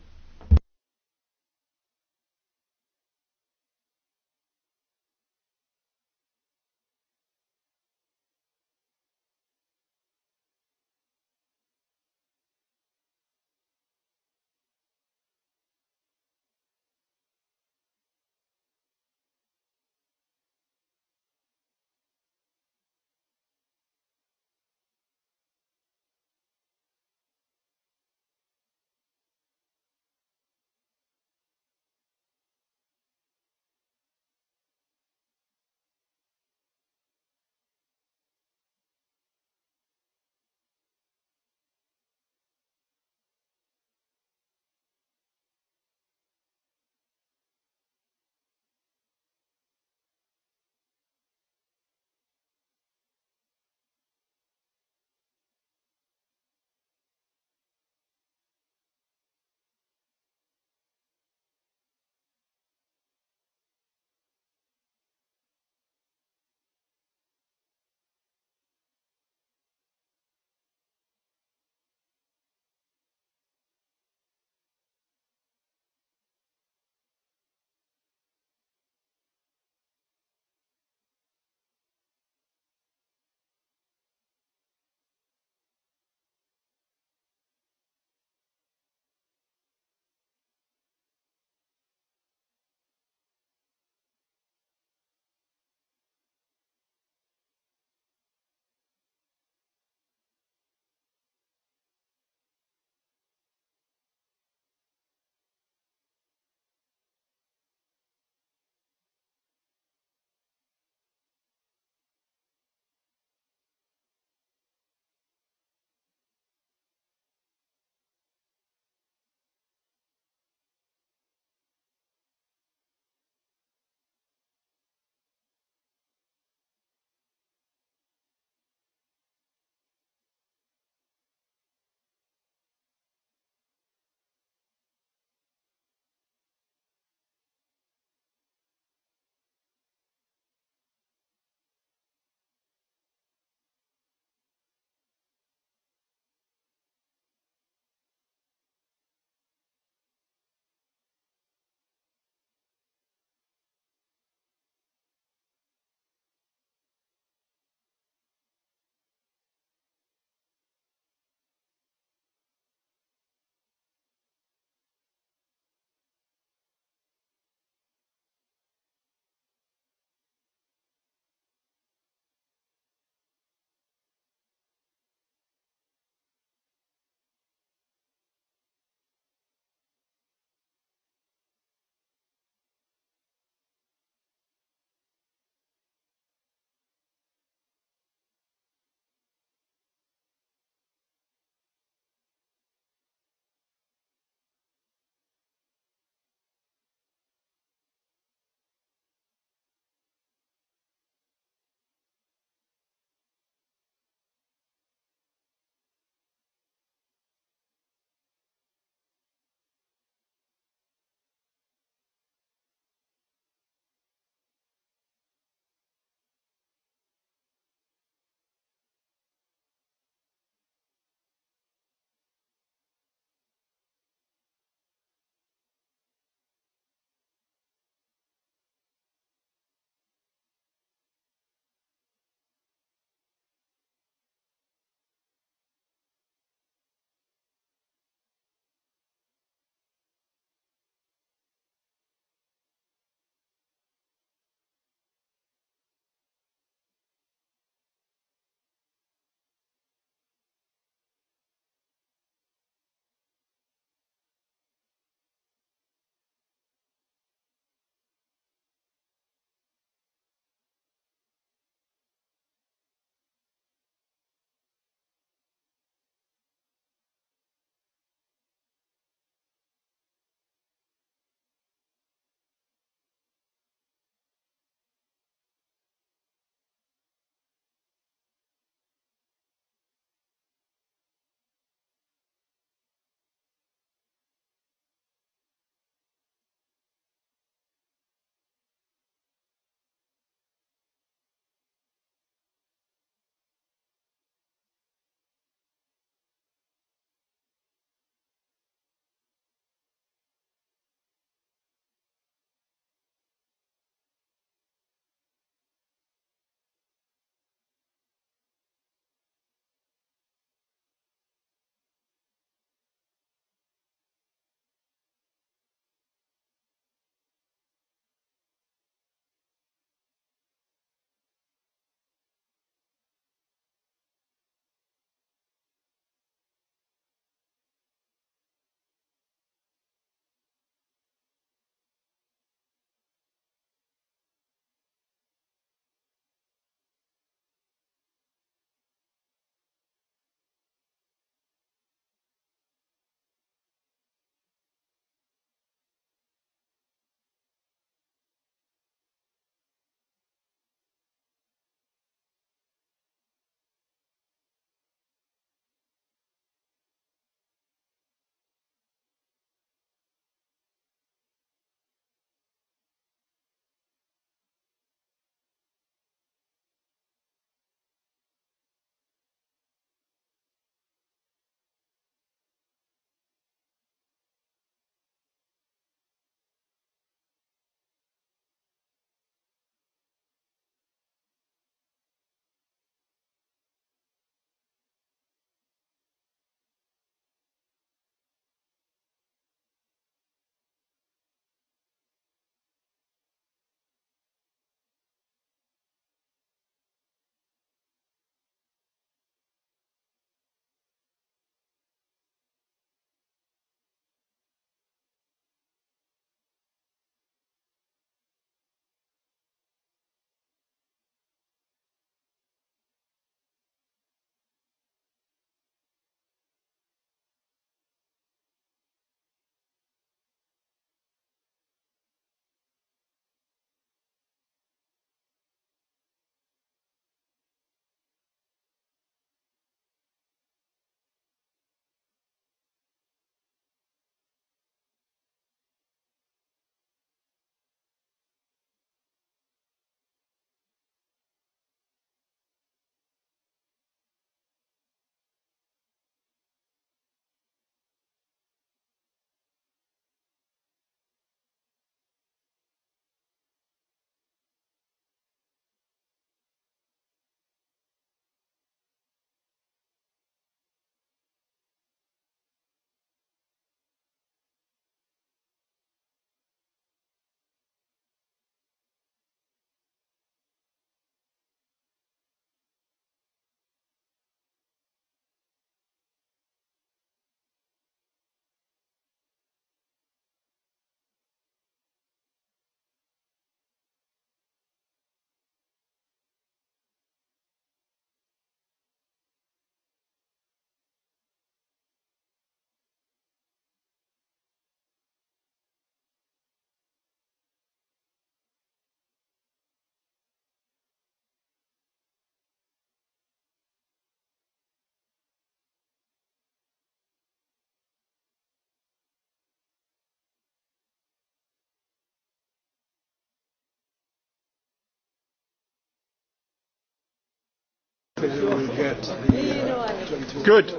A: Good.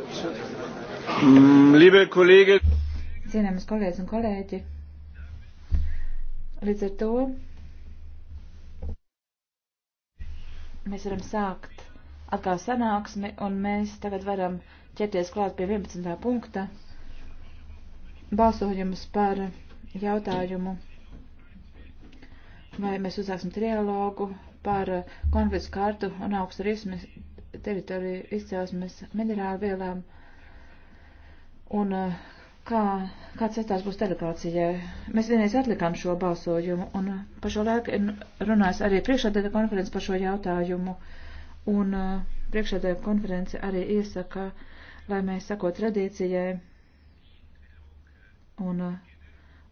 A: Mm, liebe Kollege.
B: Cienējamas kolēģis un kolēģi. Līdz ar to mēs varam sākt atkal sanāksmi un mēs tagad varam ķerties klāt pie 11. punkta balsojumus par jautājumu, vai mēs uzsāksim trialogu par konflikts kartu un augstu risku teritoriju izcelsmes minerālu vielām un eh, kā, kāds sastāvs būs delegācijai. Mēs vienreiz atlikām šo balsojumu un eh, par šo laiku runās arī priekšādēļa konferences par šo jautājumu un eh, priekšādēļa konference arī iesaka, lai mēs sako tradīcijai un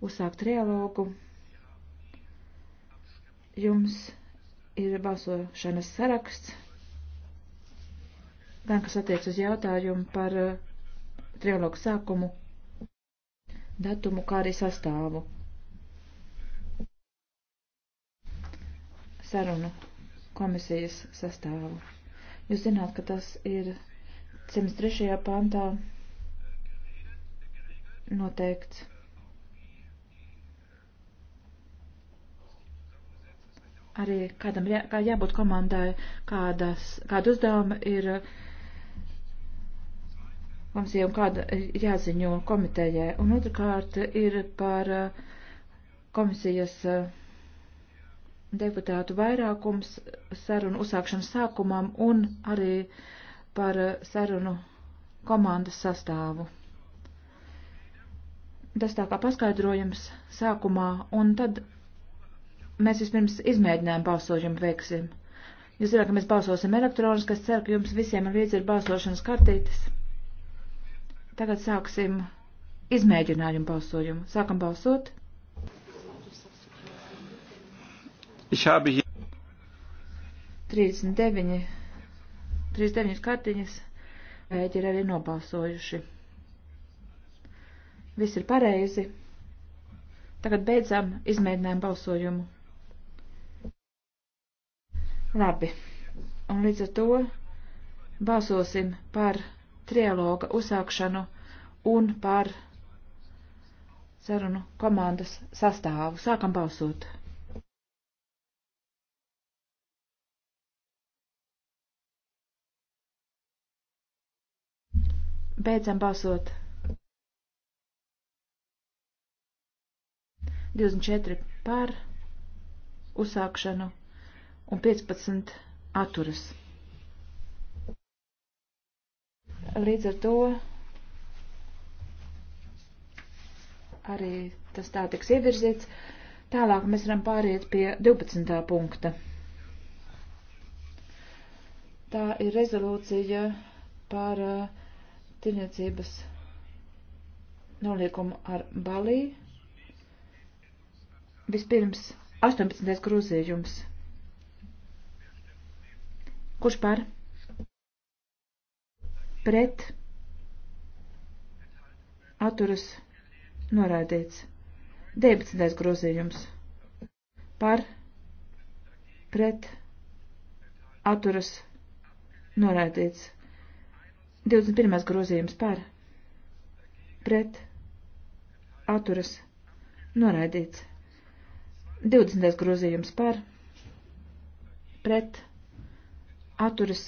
B: uzsākt trialogu. Jums ir balsošanas saraksts gan kas attiec uz jautājumu par eh, trialogu sākumu, datumu, kā arī sastāvu. Sarunu komisijas sastāvu. Jūs zināt, ka tas ir 73. pantā noteikts. Arī kādam jā, kā jābūt komandai, kādas, kādu uzdevumu ir uh, mums jau kāda jāziņo komitejai, un otrkārt ir par eh, komisijas eh, deputātu vairākums sarunu uzsākšanas sākumam un arī par eh, sarunu komandas sastāvu. Tas tā kā paskaidrojums sākumā, un tad mēs vispirms izmēģinājumu balsojumu veiksim. Jūs zināt, ka mēs balsosim elektroniski, es ceru, ka jums visiem ir līdzi ir balsošanas kartītes. Tagad sāksim izmēģinājumu balsojumu. Sākam balsot. Ich habe hier 39, 39 kartiņas. Vēģi ir arī nobalsojuši. Viss ir pareizi. Tagad beidzam izmēģinājumu balsojumu. Labi. Un līdz ar to balsosim par trialoga uzsākšanu un par sarunu komandas sastāvu. Sākam balsot! Beidzam balsot! 24 par uzsākšanu un 15 atturas. Līdz ar to arī tas tā tiks ievirzīts. Tālāk mēs varam pāriet pie 12. punkta. Tā ir rezolūcija par uh, tirniecības noliekumu ar Balī. Vispirms 18. grozījums. Kurš par? pret atturas noraidīts. 19. grozījums par pret atturas noraidīts. 21. grozījums par pret atturas noraidīts. 20. grozījums par pret atturas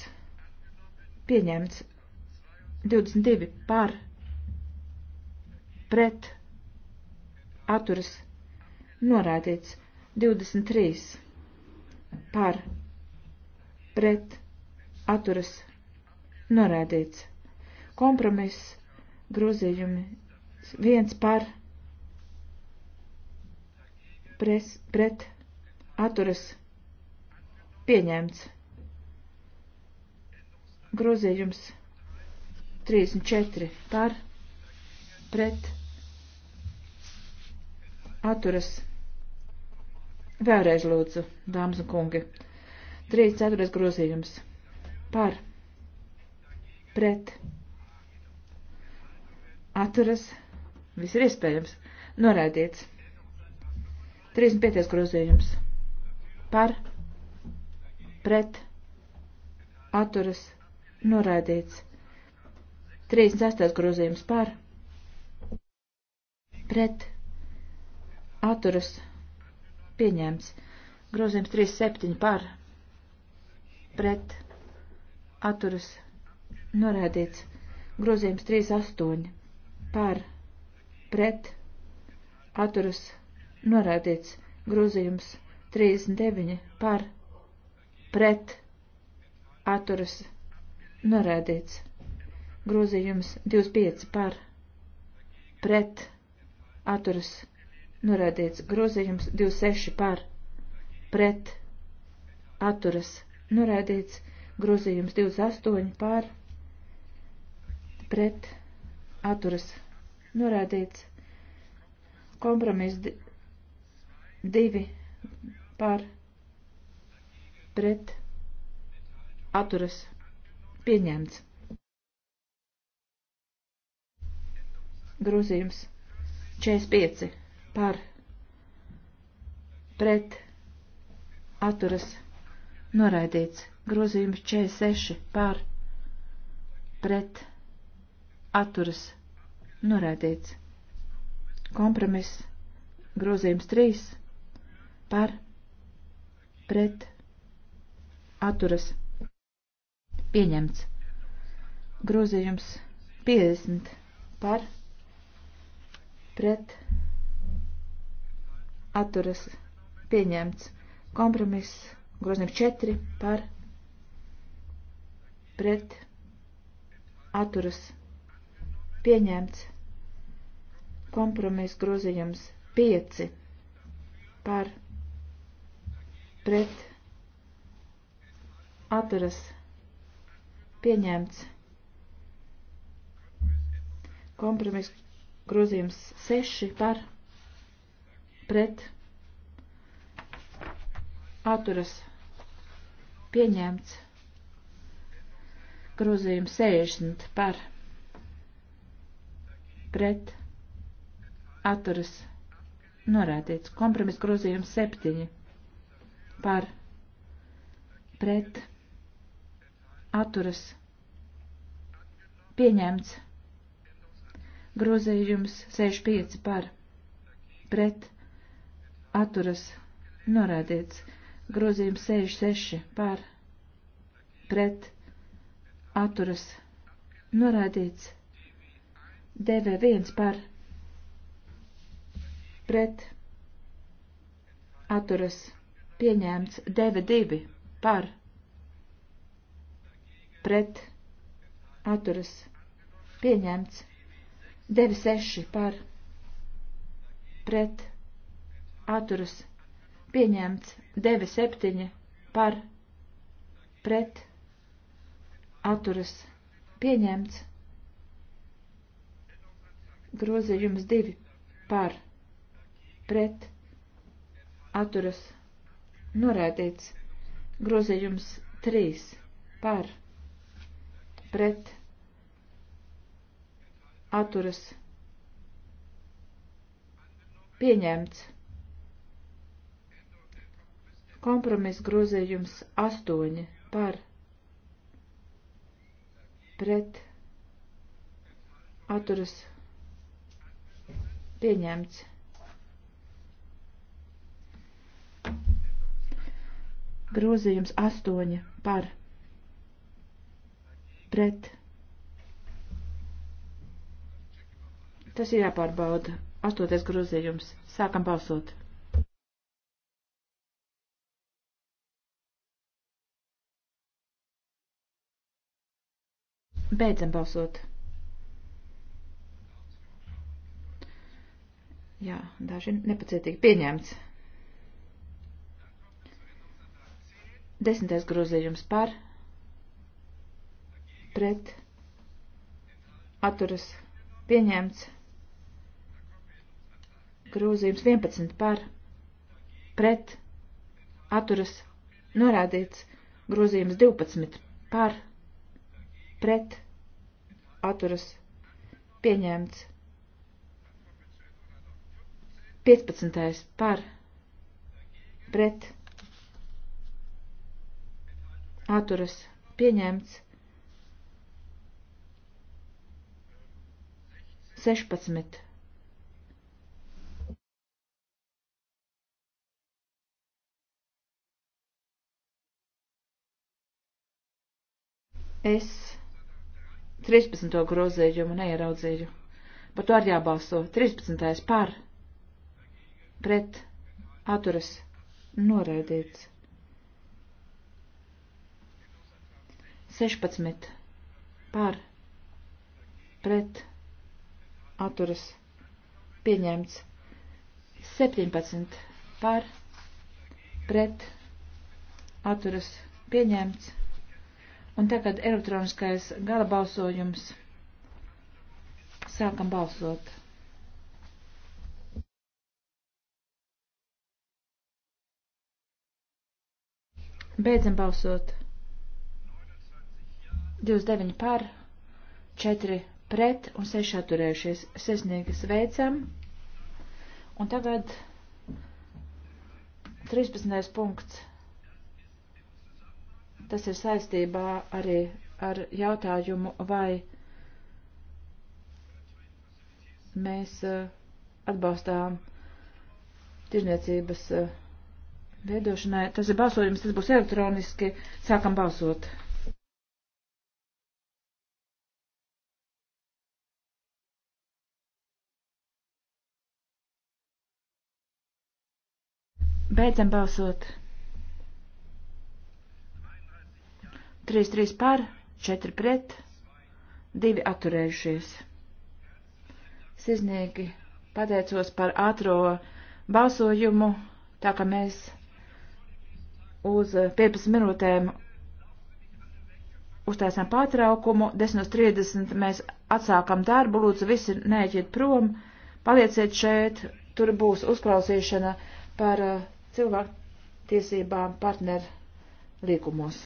B: pieņemts. 22 par pret atturas norādīts 23 par pret atturas norādīts kompromiss grozījumi 1 par pres, pret atturas pieņemts grozījums 1 34 par pret atturas. Vēlreiz lūdzu, dāmas un kungi. 34 grozījums par pret atturas. Viss ir iespējams. Noraidīts. 35 grozījums par pret atturas. Noraidīts. 36. grozījums par pret atturas pieņēmts. Grozījums 37 par pret atturas norādīts. Grozījums 38 par pret atturas norādīts. Grozījums 39 par pret atturas norādīts grozījums 25 par pret atturas norādīts grozījums 26 par pret atturas norādīts grozījums 28 par pret atturas norādīts kompromiss 2 par pret atturas pieņemts. grozījums 45 par pret atturas noraidīts, grozījums 46 par pret atturas noraidīts, kompromiss grozījums 3 par pret atturas pieņemts, grozījums 50 par pret pret atturas pieņemts kompromiss groznieks 4 par pret atturas pieņemts kompromiss grozījums 5 par pret atturas pieņemts kompromiss grozījums 6 par pret atturas pieņemts. Grozījums 60 par pret atturas norādīts. Kompromis grozījums 7 par pret atturas pieņemts grozījums 65 par, pret, atturas, norādīts, grozījums 66 par, pret, atturas, norādīts, DV1 par, pret, atturas, pieņēmts, DV2 par, pret, atturas, pieņēmts, 96 par pret atturas pieņemts 97 par pret atturas pieņemts grozījums 2 par pret atturas norādīts grozījums 3 par pret atturas atturas pieņemts. Kompromis grozījums 8 par pret atturas pieņemts. Grozījums 8 par pret atturas pieņemts Tas ir jāpārbauda. Astoties grozījums. Sākam balsot. Beidzam balsot. Jā, daži nepacietīgi pieņemts. Desmitais grozījums par, pret, atturas, pieņemts grozījums 11 par pret atturas norādīts grozījums 12 par pret atturas pieņemts 15. par pret atturas pieņemts 16 Es 13. grozējumu neieraudzīju. Par to arī jābalso. 13. par. Pret. Atturas. Noraidīts. 16. Par. Pret. Atturas. Pieņemts. 17. Par. Pret. Atturas. Pieņemts. Un tagad elektroniskais gala balsojums. Sākam balsot. Beidzam balsot. 29 par, 4 pret un 6 atturējušies. Sesnieki sveicam. Un tagad 13. punkts Tas ir saistībā arī ar jautājumu, vai mēs uh, atbalstām tirzniecības uh, veidošanai. Tas ir balsojums, tas būs elektroniski. Sākam balsot. Beidzam balsot. 3-3 par, 4 pret, 2 atturējušies. Sirsnīgi pateicos par ātro balsojumu, tā ka mēs uz 15 minūtēm uztaisām pārtraukumu, 10.30 mēs atsākam darbu, lūdzu visi neeķiet prom, palieciet šeit, tur būs uzklausīšana par uh, cilvēku tiesībām partneru līkumos.